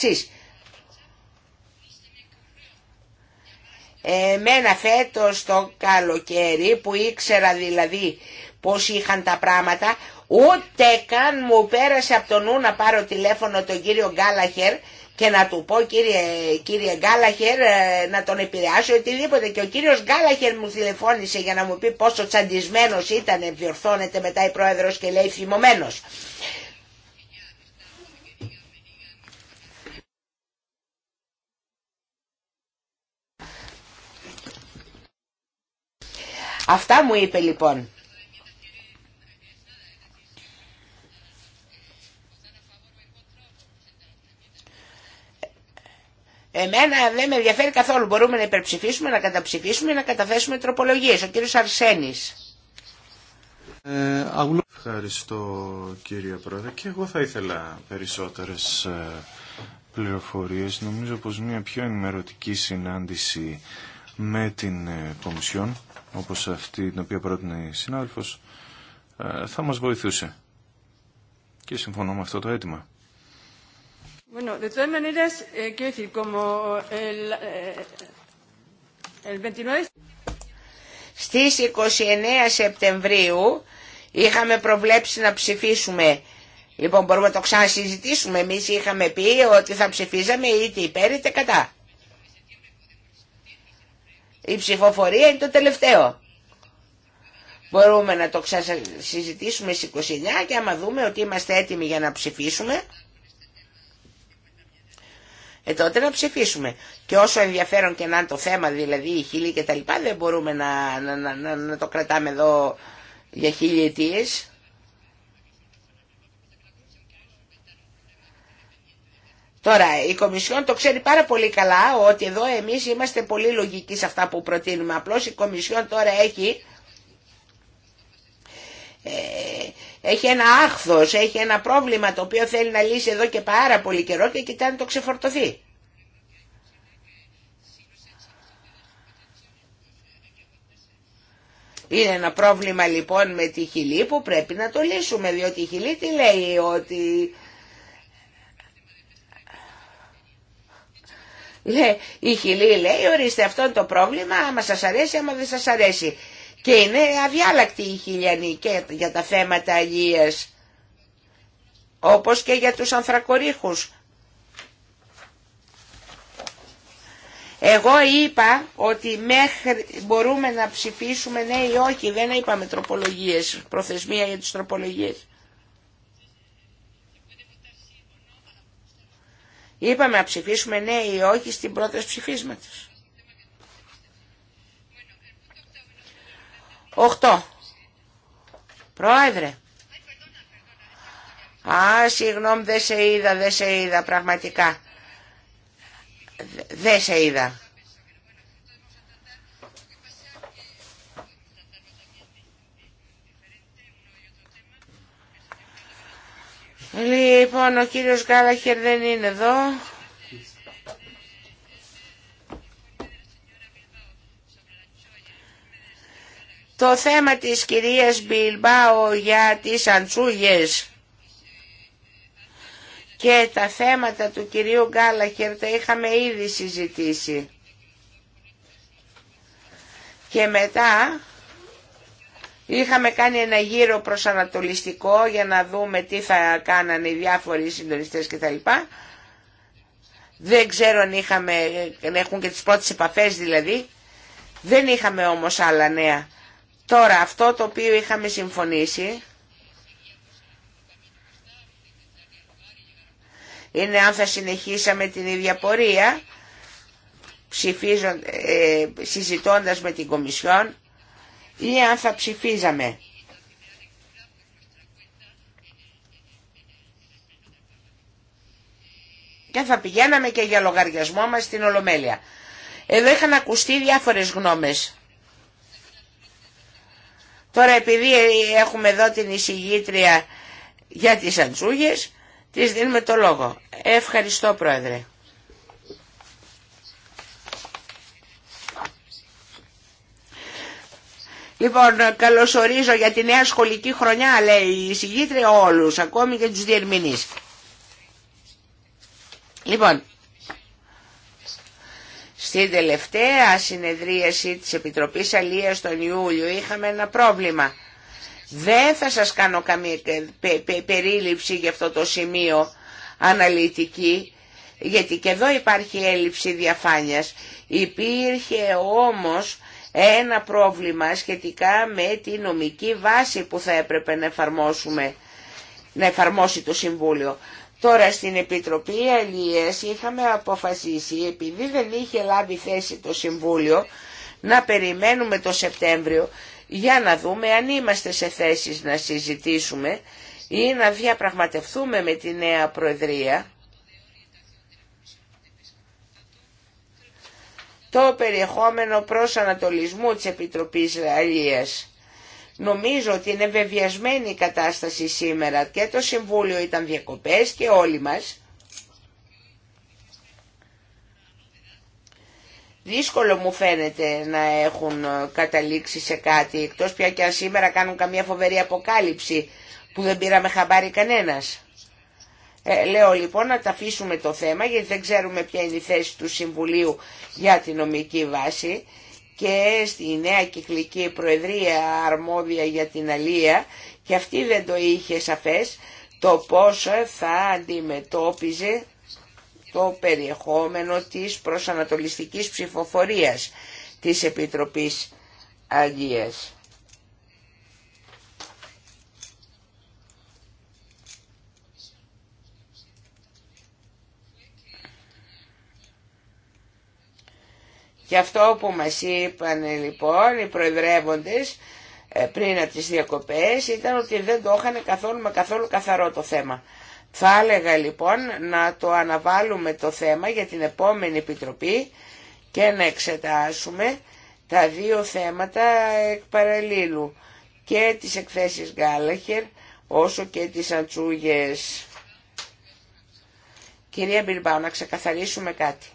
Εμένα φέτος το καλοκαίρι που ήξερα δηλαδή πώς είχαν τα πράγματα, ούτε καν μου πέρασε από το νου να πάρω τηλέφωνο τον κύριο Γκάλαχερ και να του πω κύριε, κύριε Γκάλαχερ ε, να τον επηρεάσω οτιδήποτε και ο κύριος Γκάλαχερ μου τηλεφώνησε για να μου πει πόσο τσαντισμένος ήταν διορθώνεται μετά η πρόεδρος και λέει θυμωμένος Αυτά μου είπε λοιπόν. Εμένα δεν με ενδιαφέρει καθόλου. Μπορούμε να υπερψηφίσουμε, να καταψηφίσουμε ή να καταθέσουμε τροπολογίες. Ο κύριος Αρσένης. Ε, ευχαριστώ κύριε Πρόεδρε και εγώ θα ήθελα περισσότερες ε, πληροφορίες. Νομίζω πως μια πιο ενημερωτική συνάντηση με την ε, Κομισιόν όπως αυτή την οποία πρότεινε η συνάδελφος, ε, θα μας βοηθούσε. Και συμφωνώ με αυτό το αίτημα. Bueno, de eh, quiero decir, como eh, el, eh, el 29... Στις 29 Σεπτεμβρίου είχαμε προβλέψει να ψηφίσουμε. Λοιπόν, μπορούμε να το ξανασυζητήσουμε. Εμείς είχαμε πει ότι θα ψηφίζαμε είτε υπέρ είτε κατά. Η ψηφοφορία είναι το τελευταίο. Μπορούμε να το συζητήσουμε στις 29 και άμα δούμε ότι είμαστε έτοιμοι για να ψηφίσουμε, ε, τότε να ψηφίσουμε. Και όσο ενδιαφέρον και να είναι το θέμα, δηλαδή η χίλη και τα λοιπά, δεν μπορούμε να, να, να, να το κρατάμε εδώ για αιτίες. Τώρα η Κομισιόν το ξέρει πάρα πολύ καλά ότι εδώ εμείς είμαστε πολύ λογικοί σε αυτά που προτείνουμε. Απλώς η Κομισιόν τώρα έχει, ε, έχει ένα άχθος, έχει ένα πρόβλημα το οποίο θέλει να λύσει εδώ και πάρα πολύ καιρό και κοιτάει να το ξεφορτωθεί. Είναι ένα πρόβλημα λοιπόν με τη Χιλή που πρέπει να το λύσουμε, διότι η Χιλή τι λέει ότι Λέ, η Χιλή λέει ορίστε αυτό είναι το πρόβλημα άμα σας αρέσει άμα δεν σας αρέσει. Και είναι αδιάλακτη η Χιλιανή και για τα θέματα αλλίας όπως και για τους ανθρακορίχους. Εγώ είπα ότι μέχρι μπορούμε να ψηφίσουμε ναι ή όχι, δεν είπαμε τροπολογίες, προθεσμία για τις τροπολογίες. Είπαμε να ψηφίσουμε ναι ή όχι στην πρόταση ψηφίσματος. 8. Πρόεδρε. Α, συγγνώμη, δεν σε είδα, δεν σε είδα, πραγματικά. Δεν σε είδα. Λοιπόν, ο κύριος Γκάλαχερ δεν είναι εδώ. Το θέμα της κυρίας Μπιλμπάο για τις αντσούγες και τα θέματα του κυρίου Γκάλαχερ τα είχαμε ήδη συζητήσει. Και μετά Είχαμε κάνει ένα γύρο ανατολιστικό για να δούμε τι θα κάνανε οι διάφοροι συντονιστές κτλ. Δεν ξέρω αν είχαμε, έχουν και τις πρώτες επαφές δηλαδή. Δεν είχαμε όμως άλλα νέα. Τώρα αυτό το οποίο είχαμε συμφωνήσει είναι αν θα συνεχίσαμε την ίδια πορεία ε, συζητώντας με την Κομισιόν ή αν θα ψηφίζαμε. Και θα πηγαίναμε και για λογαριασμό μας στην Ολομέλεια. Εδώ είχαν ακουστεί διάφορες γνώμες. Τώρα επειδή έχουμε εδώ την εισηγήτρια για τις αντσούγες, της δίνουμε το λόγο. Ευχαριστώ πρόεδρε. Λοιπόν, καλωσορίζω για τη νέα σχολική χρονιά, λέει η συγγήτρια όλους, ακόμη και τους διερμηνείς. Λοιπόν, στην τελευταία συνεδρίαση της Επιτροπής Αλίας τον Ιούλιο είχαμε ένα πρόβλημα. Δεν θα σας κάνω καμία περίληψη για αυτό το σημείο αναλυτική, γιατί και εδώ υπάρχει έλλειψη διαφάνειας. Υπήρχε όμως ένα πρόβλημα σχετικά με τη νομική βάση που θα έπρεπε να εφαρμόσουμε, να εφαρμόσει το Συμβούλιο. Τώρα στην Επιτροπή Αλλιές είχαμε αποφασίσει, επειδή δεν είχε λάβει θέση το Συμβούλιο, να περιμένουμε το Σεπτέμβριο για να δούμε αν είμαστε σε θέσεις να συζητήσουμε ή να διαπραγματευτούμε με τη νέα Προεδρία το περιεχόμενο προσανατολισμού της Επιτροπής Ραλίας. Νομίζω ότι είναι βεβαιασμένη η κατάσταση σήμερα και το Συμβούλιο ήταν διακοπές και όλοι μας. Δύσκολο μου φαίνεται να έχουν καταλήξει σε κάτι, εκτός πια και αν σήμερα κάνουν καμία φοβερή αποκάλυψη που δεν πήραμε χαμπάρι κανένας. Ε, λέω λοιπόν να τα αφήσουμε το θέμα γιατί δεν ξέρουμε ποια είναι η θέση του Συμβουλίου για την νομική βάση και στη νέα κυκλική προεδρία αρμόδια για την αλία και αυτή δεν το είχε σαφές το πόσο θα αντιμετώπιζε το περιεχόμενο της προσανατολιστικής ψηφοφορίας της Επιτροπής Αγίας. Και αυτό που μας είπαν λοιπόν οι προεδρεύοντες ε, πριν από τις διακοπές ήταν ότι δεν το είχαν καθόλου με καθόλου καθαρό το θέμα. Θα έλεγα λοιπόν να το αναβάλουμε το θέμα για την επόμενη επιτροπή και να εξετάσουμε τα δύο θέματα εκ και τις εκθέσεις Γκάλαχερ όσο και τις αντσούγες. Κυρία Μπιλμπάου, να ξεκαθαρίσουμε κάτι.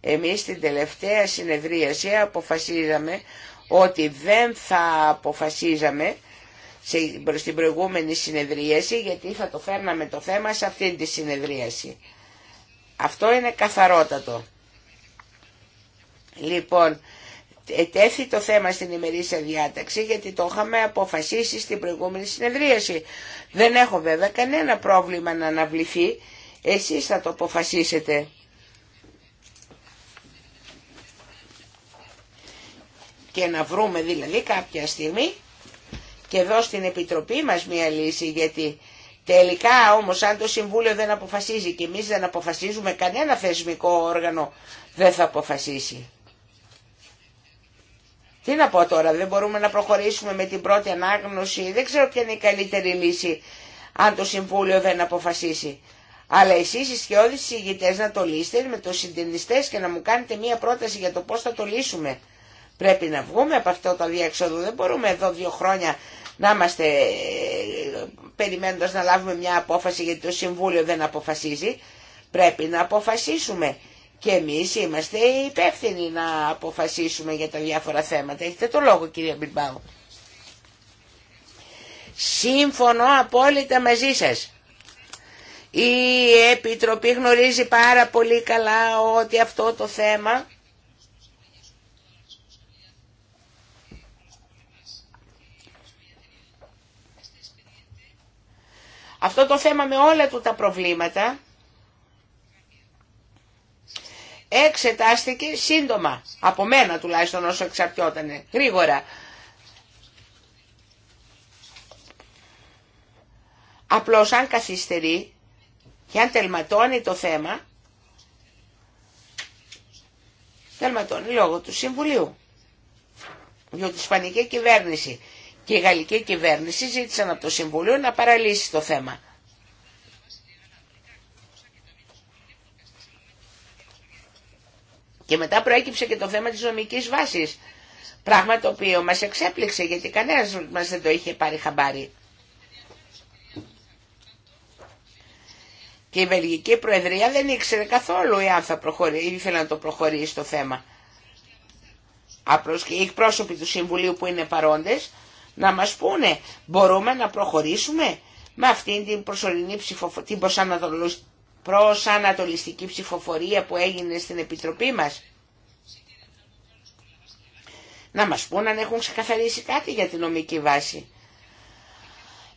Εμείς στην τελευταία συνεδρίαση αποφασίζαμε ότι δεν θα αποφασίζαμε προς την προηγούμενη συνεδρίαση γιατί θα το φέρναμε το θέμα σε αυτήν τη συνεδρίαση. Αυτό είναι καθαρότατο. Λοιπόν, ετέθη το θέμα στην ημερήσια διάταξη γιατί το είχαμε αποφασίσει στην προηγούμενη συνεδρίαση. Δεν έχω βέβαια κανένα πρόβλημα να αναβληθεί, εσείς θα το αποφασίσετε. και να βρούμε δηλαδή κάποια στιγμή και εδώ στην Επιτροπή μας μια λύση γιατί τελικά όμως αν το Συμβούλιο δεν αποφασίζει και εμείς δεν αποφασίζουμε κανένα θεσμικό όργανο δεν θα αποφασίσει. Τι να πω τώρα, δεν μπορούμε να προχωρήσουμε με την πρώτη ανάγνωση, δεν ξέρω ποια είναι η καλύτερη λύση αν το Συμβούλιο δεν αποφασίσει. Αλλά εσείς οι σχεώδεις συγγητές να το λύσετε με τους συντηρηστές... και να μου κάνετε μία πρόταση για το πώς θα το λύσουμε. Πρέπει να βγούμε από αυτό το διέξοδο. Δεν μπορούμε εδώ δύο χρόνια να είμαστε ε, περιμένοντας να λάβουμε μια απόφαση γιατί το Συμβούλιο δεν αποφασίζει. Πρέπει να αποφασίσουμε. Και εμείς είμαστε υπεύθυνοι να αποφασίσουμε για τα διάφορα θέματα. Έχετε το λόγο κυρία Μπιλμπάου. Σύμφωνο απόλυτα μαζί σας. Η Επιτροπή γνωρίζει πάρα πολύ καλά ότι αυτό το θέμα Αυτό το θέμα με όλα του τα προβλήματα εξετάστηκε σύντομα, από μένα τουλάχιστον όσο εξαρτιότανε, γρήγορα. Απλώς αν καθυστερεί και αν τελματώνει το θέμα, τελματώνει λόγω του Συμβουλίου, για τη Ισπανική κυβέρνηση και η γαλλική κυβέρνηση ζήτησαν από το Συμβουλίο να παραλύσει το θέμα. Και μετά προέκυψε και το θέμα της νομικής βάσης, πράγμα το οποίο μας εξέπληξε γιατί κανένας μας δεν το είχε πάρει χαμπάρι. Και η Βελγική Προεδρία δεν ήξερε καθόλου εάν θα προχωρήσει, ήθελε να το προχωρήσει το θέμα. Απλώς και οι εκπρόσωποι του Συμβουλίου που είναι παρόντες να μας πούνε μπορούμε να προχωρήσουμε με αυτήν την προσωρινή ψηφοφορία, την προσανατολιστική ψηφοφορία που έγινε στην Επιτροπή μας. Να μας πούνε αν έχουν ξεκαθαρίσει κάτι για την νομική βάση.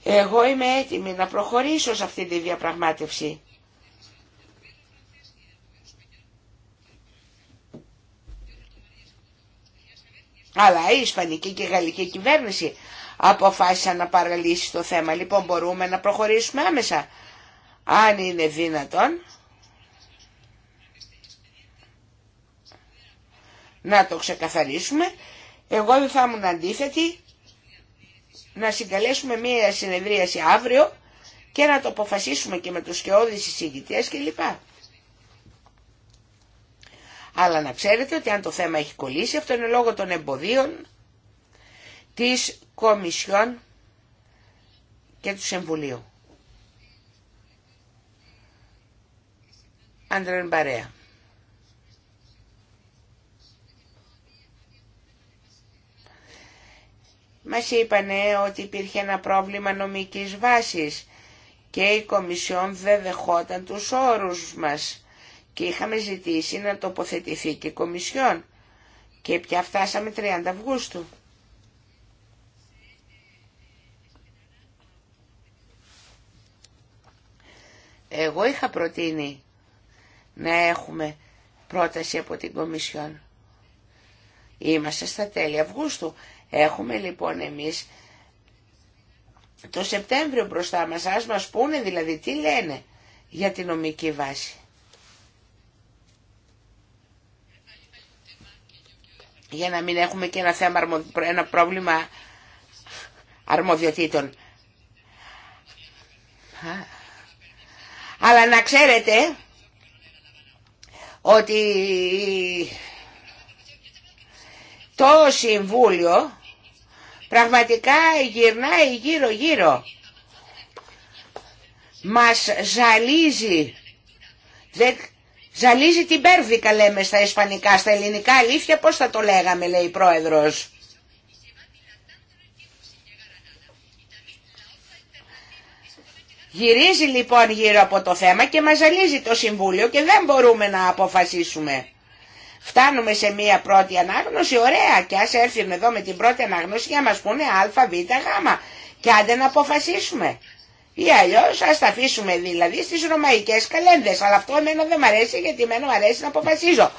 Εγώ είμαι έτοιμη να προχωρήσω σε αυτή τη διαπραγμάτευση. Αλλά η Ισπανική και η Γαλλική κυβέρνηση αποφάσισαν να παραλύσει το θέμα. Λοιπόν μπορούμε να προχωρήσουμε άμεσα. Αν είναι δυνατόν να το ξεκαθαρίσουμε. Εγώ δεν θα ήμουν αντίθετη να συγκαλέσουμε μία συνεδρίαση αύριο και να το αποφασίσουμε και με τους σκεώδεις εισηγητές κλπ. Αλλά να ξέρετε ότι αν το θέμα έχει κολλήσει, αυτό είναι λόγω των εμποδίων της Κομισιόν και του Συμβουλίου. Άντρεν Μπαρέα. Μας είπανε ότι υπήρχε ένα πρόβλημα νομικής βάσης και η Κομισιόν δεν δεχόταν τους όρους μας και είχαμε ζητήσει να τοποθετηθεί και η Κομισιόν και πια φτάσαμε 30 Αυγούστου. Εγώ είχα προτείνει να έχουμε πρόταση από την Κομισιόν. Είμαστε στα τέλη Αυγούστου. Έχουμε λοιπόν εμείς το Σεπτέμβριο μπροστά μας, ας μας πούνε δηλαδή τι λένε για τη νομική βάση. για να μην έχουμε και ένα, θέμα, ένα πρόβλημα αρμοδιοτήτων. Αλλά να ξέρετε ότι το Συμβούλιο πραγματικά γυρνάει γύρω-γύρω. Μας ζαλίζει. Δεν Ζαλίζει την πέρβικα λέμε στα ισπανικά, στα ελληνικά αλήθεια πώς θα το λέγαμε λέει η πρόεδρος. Γυρίζει λοιπόν γύρω από το θέμα και μας ζαλίζει το Συμβούλιο και δεν μπορούμε να αποφασίσουμε. Φτάνουμε σε μία πρώτη ανάγνωση, ωραία, και ας έρθουν εδώ με την πρώτη ανάγνωση για να μας πούνε α, β, γ και άντε να αποφασίσουμε. Ή αλλιώ α τα αφήσουμε δηλαδή στι Ρωμαϊκέ καλένδε. Αλλά αυτό εμένα δεν μ' αρέσει γιατί εμένα μου αρέσει να αποφασίζω.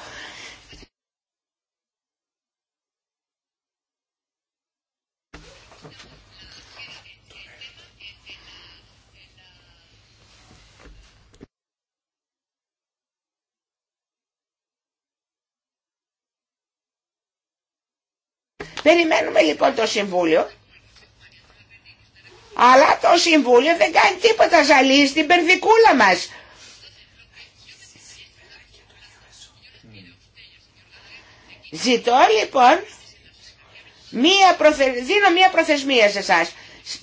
Περιμένουμε λοιπόν το Συμβούλιο αλλά το Συμβούλιο δεν κάνει τίποτα ζαλίζει την περδικούλα μας. Ζητώ λοιπόν, μία προθε... δίνω μία προθεσμία σε εσά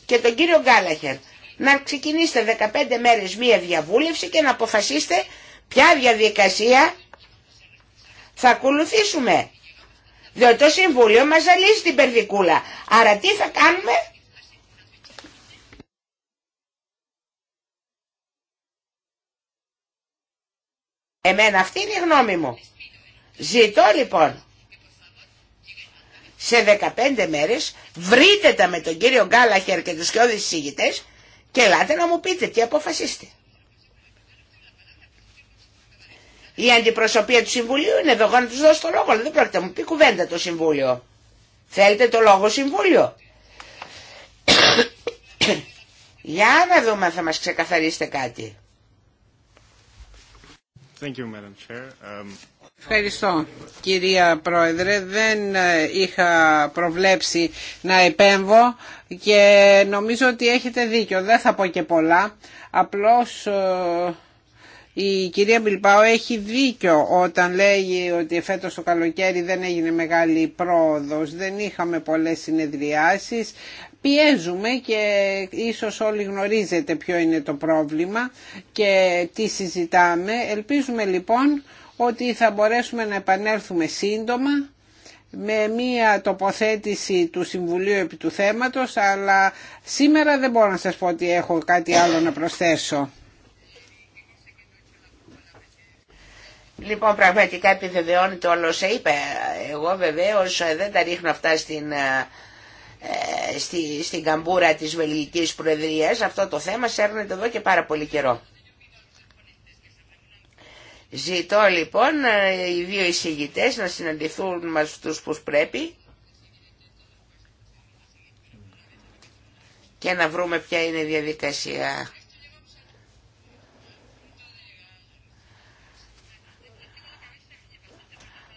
και τον κύριο Γκάλαχερ να ξεκινήσετε 15 μέρες μία διαβούλευση και να αποφασίσετε ποια διαδικασία θα ακολουθήσουμε. Διότι το Συμβούλιο μας ζαλίζει την περδικούλα. Άρα τι θα κάνουμε, Εμένα αυτή είναι η γνώμη μου. Ζητώ λοιπόν σε 15 μέρες βρείτε τα με τον κύριο Γκάλαχερ και τους κοιόδης συζητητές και ελάτε να μου πείτε τι αποφασίστε. Η αντιπροσωπεία του Συμβουλίου είναι εδώ, να τους δώσω το λόγο, δεν πρόκειται να μου πει κουβέντα το Συμβούλιο. Θέλετε το λόγο Συμβούλιο. Για να δούμε αν θα μας ξεκαθαρίσετε κάτι. Um, Ευχαριστώ κυρία Πρόεδρε. Δεν ε, είχα προβλέψει να επέμβω και νομίζω ότι έχετε δίκιο. Δεν θα πω και πολλά. Απλώς ε, η κυρία Μπιλπάου έχει δίκιο όταν λέει ότι φέτος το καλοκαίρι δεν έγινε μεγάλη πρόοδος, δεν είχαμε πολλές συνεδριάσεις, πιέζουμε και ίσως όλοι γνωρίζετε ποιο είναι το πρόβλημα και τι συζητάμε. Ελπίζουμε λοιπόν ότι θα μπορέσουμε να επανέλθουμε σύντομα με μία τοποθέτηση του Συμβουλίου επί του θέματος, αλλά σήμερα δεν μπορώ να σας πω ότι έχω κάτι άλλο να προσθέσω. Λοιπόν, πραγματικά επιβεβαιώνεται το όλο σε είπε. Εγώ βεβαίως δεν τα ρίχνω αυτά στην, ε, στη, στην καμπούρα της Βελγικής Προεδρίας. Αυτό το θέμα σέρνεται εδώ και πάρα πολύ καιρό. Ζητώ λοιπόν ε, οι δύο εισηγητές να συναντηθούν με αυτούς που πρέπει και να βρούμε ποια είναι η διαδικασία.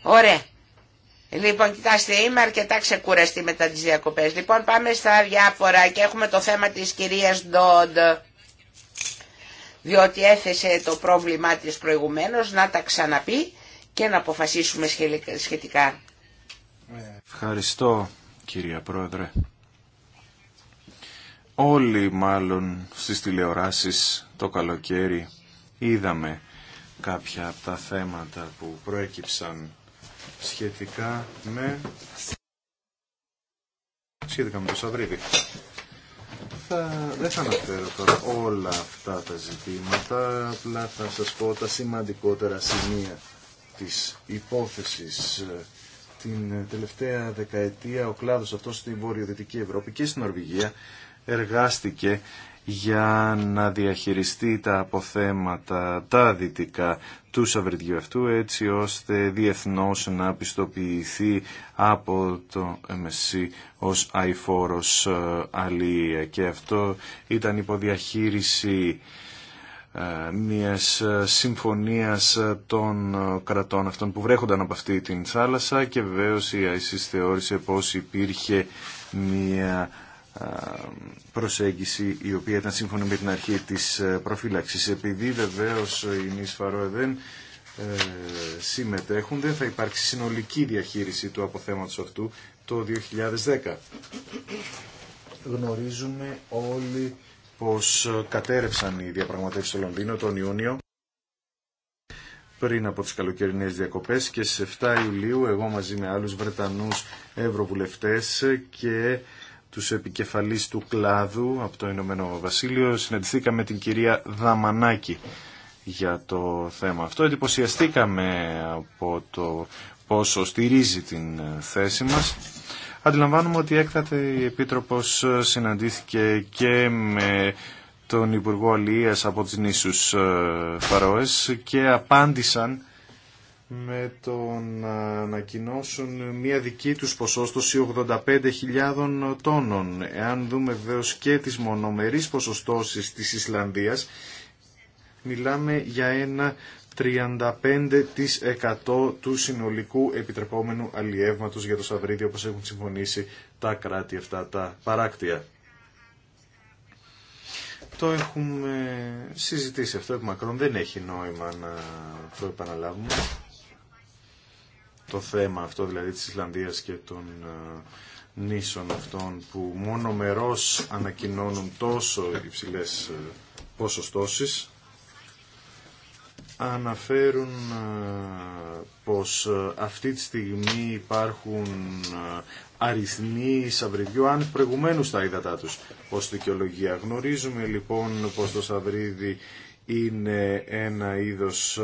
Ωραία. Λοιπόν, κοιτάξτε, είμαι αρκετά ξεκουραστή μετά τις διακοπές. Λοιπόν, πάμε στα διάφορα και έχουμε το θέμα της κυρίας Ντόντ, διότι έθεσε το πρόβλημά της προηγουμένως, να τα ξαναπεί και να αποφασίσουμε σχετικά. Ευχαριστώ, κυρία Πρόεδρε. Όλοι μάλλον στις τηλεοράσεις το καλοκαίρι είδαμε κάποια από τα θέματα που προέκυψαν σχετικά με σχετικά με το Σαβρίδι. Θα, δεν θα αναφέρω τώρα όλα αυτά τα ζητήματα, απλά θα σας πω τα σημαντικότερα σημεία της υπόθεσης. Την τελευταία δεκαετία ο κλάδος αυτός στην δυτικη Ευρώπη και στην Νορβηγία εργάστηκε για να διαχειριστεί τα αποθέματα τα δυτικά του Σαββριδιού αυτού έτσι ώστε διεθνώς να πιστοποιηθεί από το MSC ως αηφόρος ε, αλλήλια και αυτό ήταν υποδιαχείριση ε, μιας ε, συμφωνίας των κρατών αυτών που βρέχονταν από αυτή την θάλασσα και βεβαίως η ISIS θεώρησε πως υπήρχε μια προσέγγιση η οποία ήταν σύμφωνη με την αρχή της ε, προφύλαξης. Επειδή βεβαίως οι μη δεν ε, συμμετέχουν, δεν θα υπάρξει συνολική διαχείριση του αποθέματος αυτού το 2010. Γνωρίζουμε όλοι πως ε, κατέρευσαν οι διαπραγματεύσεις στο Λονδίνο τον Ιούνιο πριν από τις καλοκαιρινές διακοπές και σε 7 Ιουλίου εγώ μαζί με άλλους Βρετανούς Ευρωβουλευτές και τους επικεφαλής του κλάδου από το Ηνωμένο Βασίλειο. Συναντηθήκαμε την κυρία Δαμανάκη για το θέμα αυτό. Εντυπωσιαστήκαμε από το πόσο στηρίζει την θέση μας. Αντιλαμβάνουμε ότι έκτατε η Επίτροπος συναντήθηκε και με τον Υπουργό Αλίας από τις νήσους ε, Φαρόες και απάντησαν με το να ανακοινώσουν μια δική τους ποσόστοση 85.000 τόνων. Εάν δούμε βεβαίω και τις μονομερείς ποσοστώσεις της Ισλανδίας, μιλάμε για ένα 35% του συνολικού επιτρεπόμενου αλλιεύματος για το Σαβρίδι, όπως έχουν συμφωνήσει τα κράτη αυτά, τα παράκτια. Το έχουμε συζητήσει αυτό επί μακρόν. Δεν έχει νόημα να το επαναλάβουμε το θέμα αυτό δηλαδή της Ισλανδίας και των ε, νήσων αυτών που μόνο μερός ανακοινώνουν τόσο υψηλές ε, ποσοστώσεις αναφέρουν ε, πως αυτή τη στιγμή υπάρχουν αριθμοί σαβριδιού αν προηγουμένου τα ύδατά τους ως δικαιολογία. Γνωρίζουμε λοιπόν πως το σαβρίδι είναι ένα είδος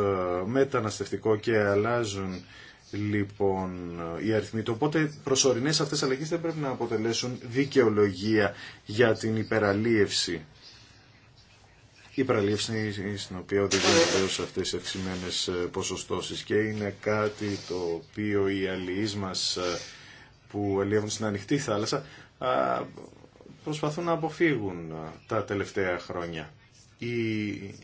μεταναστευτικό και αλλάζουν λοιπόν οι αριθμοί του. Οπότε προσωρινέ αυτές αλλαγέ δεν πρέπει να αποτελέσουν δικαιολογία για την υπεραλίευση. Η υπεραλίευση στην οποία οδηγούν βεβαίω αυτές οι αυξημένε ποσοστώσει και είναι κάτι το οποίο οι αλληλεί μας ε, που αλλιεύουν στην ανοιχτή θάλασσα προσπαθούν να αποφύγουν ε, τα τελευταία χρόνια. Η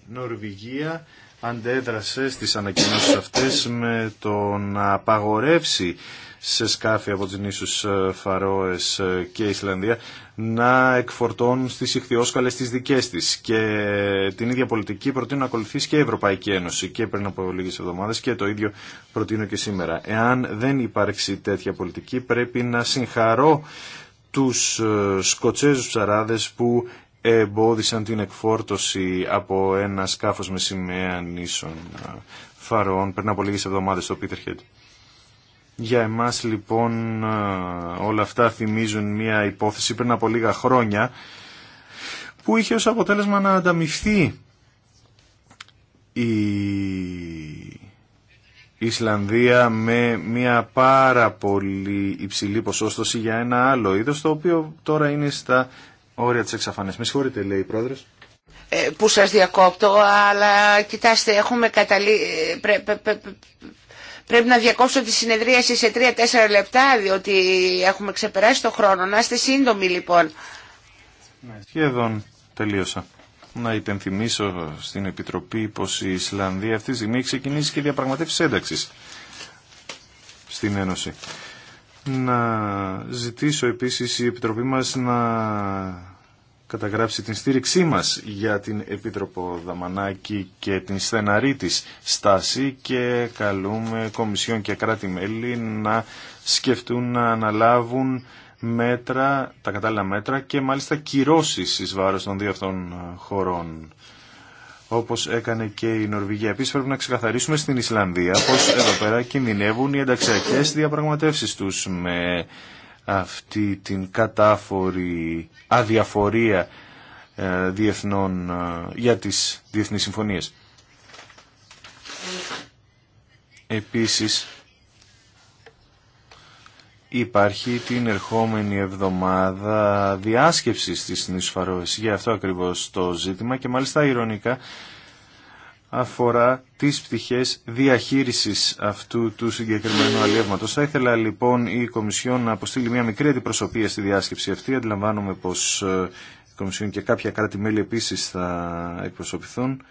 Νορβηγία αντέδρασε στις ανακοινώσεις αυτές με το να απαγορεύσει σε σκάφη από τις νήσους ε, Φαρόες ε, και Ισλανδία να εκφορτώνουν στις ηχθιόσκαλες τις δικές της και την ίδια πολιτική προτείνω να ακολουθήσει και η Ευρωπαϊκή Ένωση και πριν από λίγες εβδομάδες και το ίδιο προτείνω και σήμερα. Εάν δεν υπάρξει τέτοια πολιτική πρέπει να συγχαρώ τους ε, Σκοτσέζους ψαράδες που εμπόδισαν την εκφόρτωση από ένα σκάφος με σημαία νήσων φαρών πριν από λίγες εβδομάδες στο Πίτερχετ. Για εμάς λοιπόν όλα αυτά θυμίζουν μια υπόθεση πριν από λίγα χρόνια που είχε ως αποτέλεσμα να ανταμυφθεί η Ισλανδία με μια πάρα πολύ υψηλή ποσόστοση για ένα άλλο είδος το οποίο τώρα είναι στα όρια τη εξαφάνισης. Με συγχωρείτε λέει η πρόεδρος. Ε, που σα διακόπτω, αλλά κοιτάστε έχουμε καταλή... πρέπει να διακόψω τη συνεδρίαση σε 3-4 λεπτά, διότι έχουμε ξεπεράσει το χρόνο. Να είστε σύντομοι λοιπόν. Ναι, σχεδόν τελείωσα. Να υπενθυμίσω στην Επιτροπή πως η Ισλανδία αυτή τη στιγμή έχει ξεκινήσει και διαπραγματεύσει ένταξη στην Ένωση να ζητήσω επίσης η Επιτροπή μας να καταγράψει την στήριξή μας για την Επίτροπο Δαμανάκη και την στεναρή της στάση και καλούμε Κομισιόν και κράτη-μέλη να σκεφτούν να αναλάβουν μέτρα, τα κατάλληλα μέτρα και μάλιστα κυρώσεις εις βάρος των δύο αυτών χωρών. Όπω έκανε και η Νορβηγία. Επίση, πρέπει να ξεκαθαρίσουμε στην Ισλανδία πω εδώ πέρα κινδυνεύουν οι ενταξιακές διαπραγματεύσει του με αυτή την κατάφορη αδιαφορία ε, διεθνών, ε, για τις διεθνείς συμφωνίες. Επίσης, υπάρχει την ερχόμενη εβδομάδα διάσκεψη της νησφαρόες για αυτό ακριβώς το ζήτημα και μάλιστα ηρωνικά αφορά τις πτυχές διαχείρισης αυτού του συγκεκριμένου αλλιεύματος. Θα ήθελα λοιπόν η Κομισιόν να αποστείλει μια μικρή αντιπροσωπεία στη διάσκεψη αυτή. Αντιλαμβάνομαι πως ε, η Κομισιόν και κάποια κράτη-μέλη επίσης θα εκπροσωπηθούν.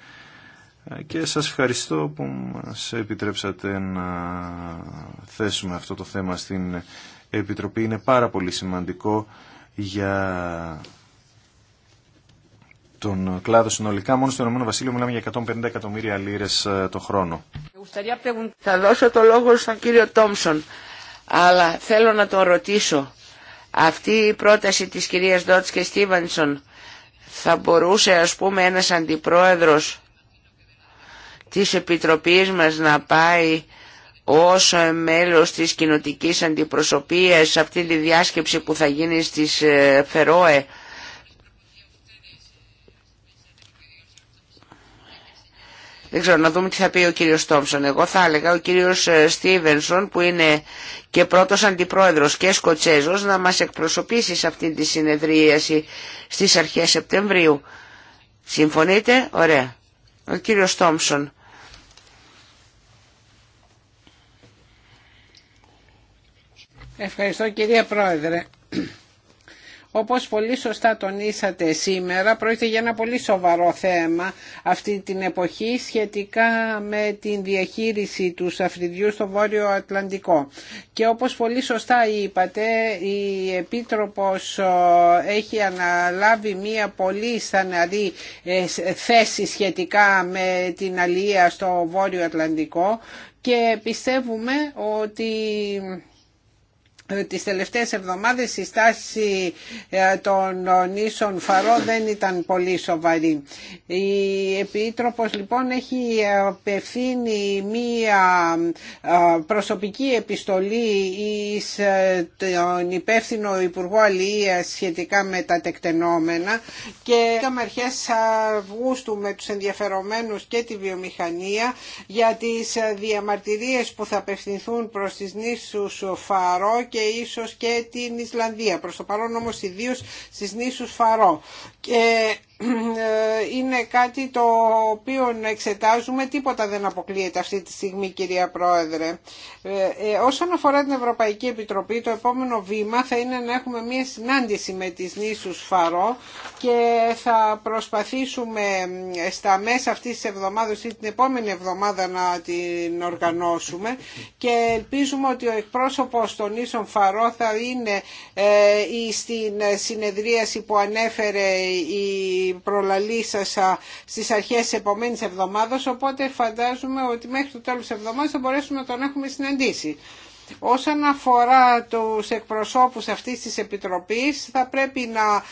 Ε, και σας ευχαριστώ που μας επιτρέψατε να θέσουμε αυτό το θέμα στην Επιτροπή είναι πάρα πολύ σημαντικό για τον κλάδο συνολικά. Μόνο στο Ηνωμένο Βασίλειο μιλάμε για 150 εκατομμύρια λίρες ε, το χρόνο. Θα δώσω το λόγο στον κύριο Τόμσον, αλλά θέλω να τον ρωτήσω. Αυτή η πρόταση της κυρίας Ντότς και Στίβανσον θα μπορούσε ας πούμε ένας αντιπρόεδρος της Επιτροπής μας να πάει ως μέλος της κοινοτικής αντιπροσωπείας σε αυτή τη διάσκεψη που θα γίνει στις ε, Φερόε Δεν ξέρω, να δούμε τι θα πει ο κύριος Τόμψον. Εγώ θα έλεγα ο κύριος ε, Στίβενσον που είναι και πρώτος αντιπρόεδρος και σκοτσέζος να μας εκπροσωπήσει σε αυτή τη συνεδρίαση στις αρχές Σεπτεμβρίου. Συμφωνείτε? Ωραία. Ο κύριος Τόμψον. Ευχαριστώ κυρία Πρόεδρε. Όπως πολύ σωστά τονίσατε σήμερα, πρόκειται για ένα πολύ σοβαρό θέμα αυτή την εποχή σχετικά με την διαχείριση του σαφριδιού στο Βόρειο Ατλαντικό. Και όπως πολύ σωστά είπατε, η Επίτροπος ε, έχει αναλάβει μία πολύ στεναρή ε, θέση σχετικά με την αλληλεία στο Βόρειο Ατλαντικό και πιστεύουμε ότι τις τελευταίες εβδομάδες η στάση ε, των ε, νήσων Φαρό δεν ήταν πολύ σοβαρή. Η Επίτροπος λοιπόν έχει απευθύνει μία ε, προσωπική επιστολή εις τον υπεύθυνο Υπουργό Αλληλείας σχετικά με τα τεκτενόμενα και είχαμε αρχές Αυγούστου με τους ενδιαφερομένους και τη βιομηχανία για τις διαμαρτυρίες που θα απευθυνθούν προς τις νήσους Φαρό και ίσως και την Ισλανδία. Προς το παρόν όμως ιδίως στις νήσους Φαρό. Και ε, είναι κάτι το οποίο εξετάζουμε. Τίποτα δεν αποκλείεται αυτή τη στιγμή κυρία Πρόεδρε. Ε, ε, όσον αφορά την Ευρωπαϊκή Επιτροπή το επόμενο βήμα θα είναι να έχουμε μια συνάντηση με τις νήσους Φαρό και θα προσπαθήσουμε στα μέσα αυτής της εβδομάδας ή την επόμενη εβδομάδα να την οργανώσουμε και ελπίζουμε ότι ο εκπρόσωπος των νήσων Φαρό θα είναι στην συνεδρίαση που ανέφερε η προλαλήσασα στις αρχές της επομένης εβδομάδας, οπότε φαντάζομαι ότι μέχρι το τέλος της εβδομάδας θα μπορέσουμε να τον έχουμε συναντήσει. Όσον αφορά τους εκπροσώπους αυτής της Επιτροπής θα πρέπει να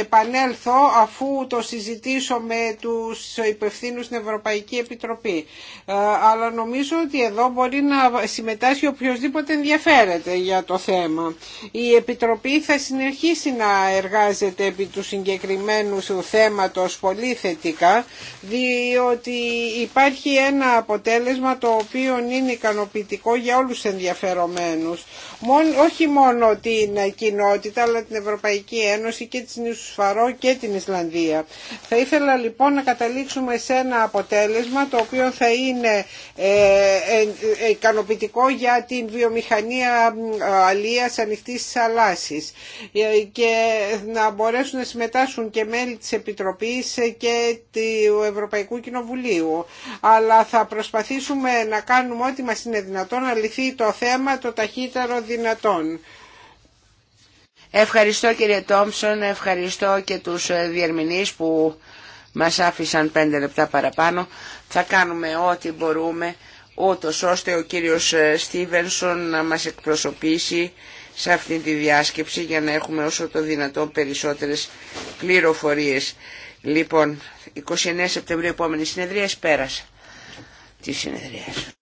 επανέλθω αφού το συζητήσω με τους υπευθύνους στην Ευρωπαϊκή Επιτροπή. Ε, αλλά νομίζω ότι εδώ μπορεί να συμμετάσχει οποιοδήποτε ενδιαφέρεται για το θέμα. Η Επιτροπή θα συνεχίσει να εργάζεται επί του συγκεκριμένου θέματος πολύ θετικά διότι υπάρχει ένα αποτέλεσμα το οποίο είναι ικανοποιητικό για όλους ενδιαφερομένους μόνο, όχι μόνο την κοινότητα αλλά την Ευρωπαϊκή Ένωση και την Φαρό και την Ισλανδία. Θα ήθελα λοιπόν να καταλήξουμε σε ένα αποτέλεσμα το οποίο θα είναι ε, ε, ικανοποιητικό για την βιομηχανία αλίας ανοιχτής θαλάσσης ε, και να μπορέσουν να συμμετάσχουν και μέλη της Επιτροπής και του Ευρωπαϊκού Κοινοβουλίου. Αλλά θα προσπαθήσουμε να κάνουμε ό,τι μας είναι δυνατόν να λυθεί το θέμα το ταχύτερο δυνατόν. Ευχαριστώ κύριε Τόμψον, ευχαριστώ και τους ε, διερμηνείς που μας άφησαν πέντε λεπτά παραπάνω. Θα κάνουμε ό,τι μπορούμε, ούτω ώστε ο κύριος ε, Στίβενσον να μας εκπροσωπήσει σε αυτή τη διάσκεψη για να έχουμε όσο το δυνατόν περισσότερες πληροφορίες. Λοιπόν, 29 Σεπτεμβρίου επόμενη συνεδρία, πέρας τη συνεδρία.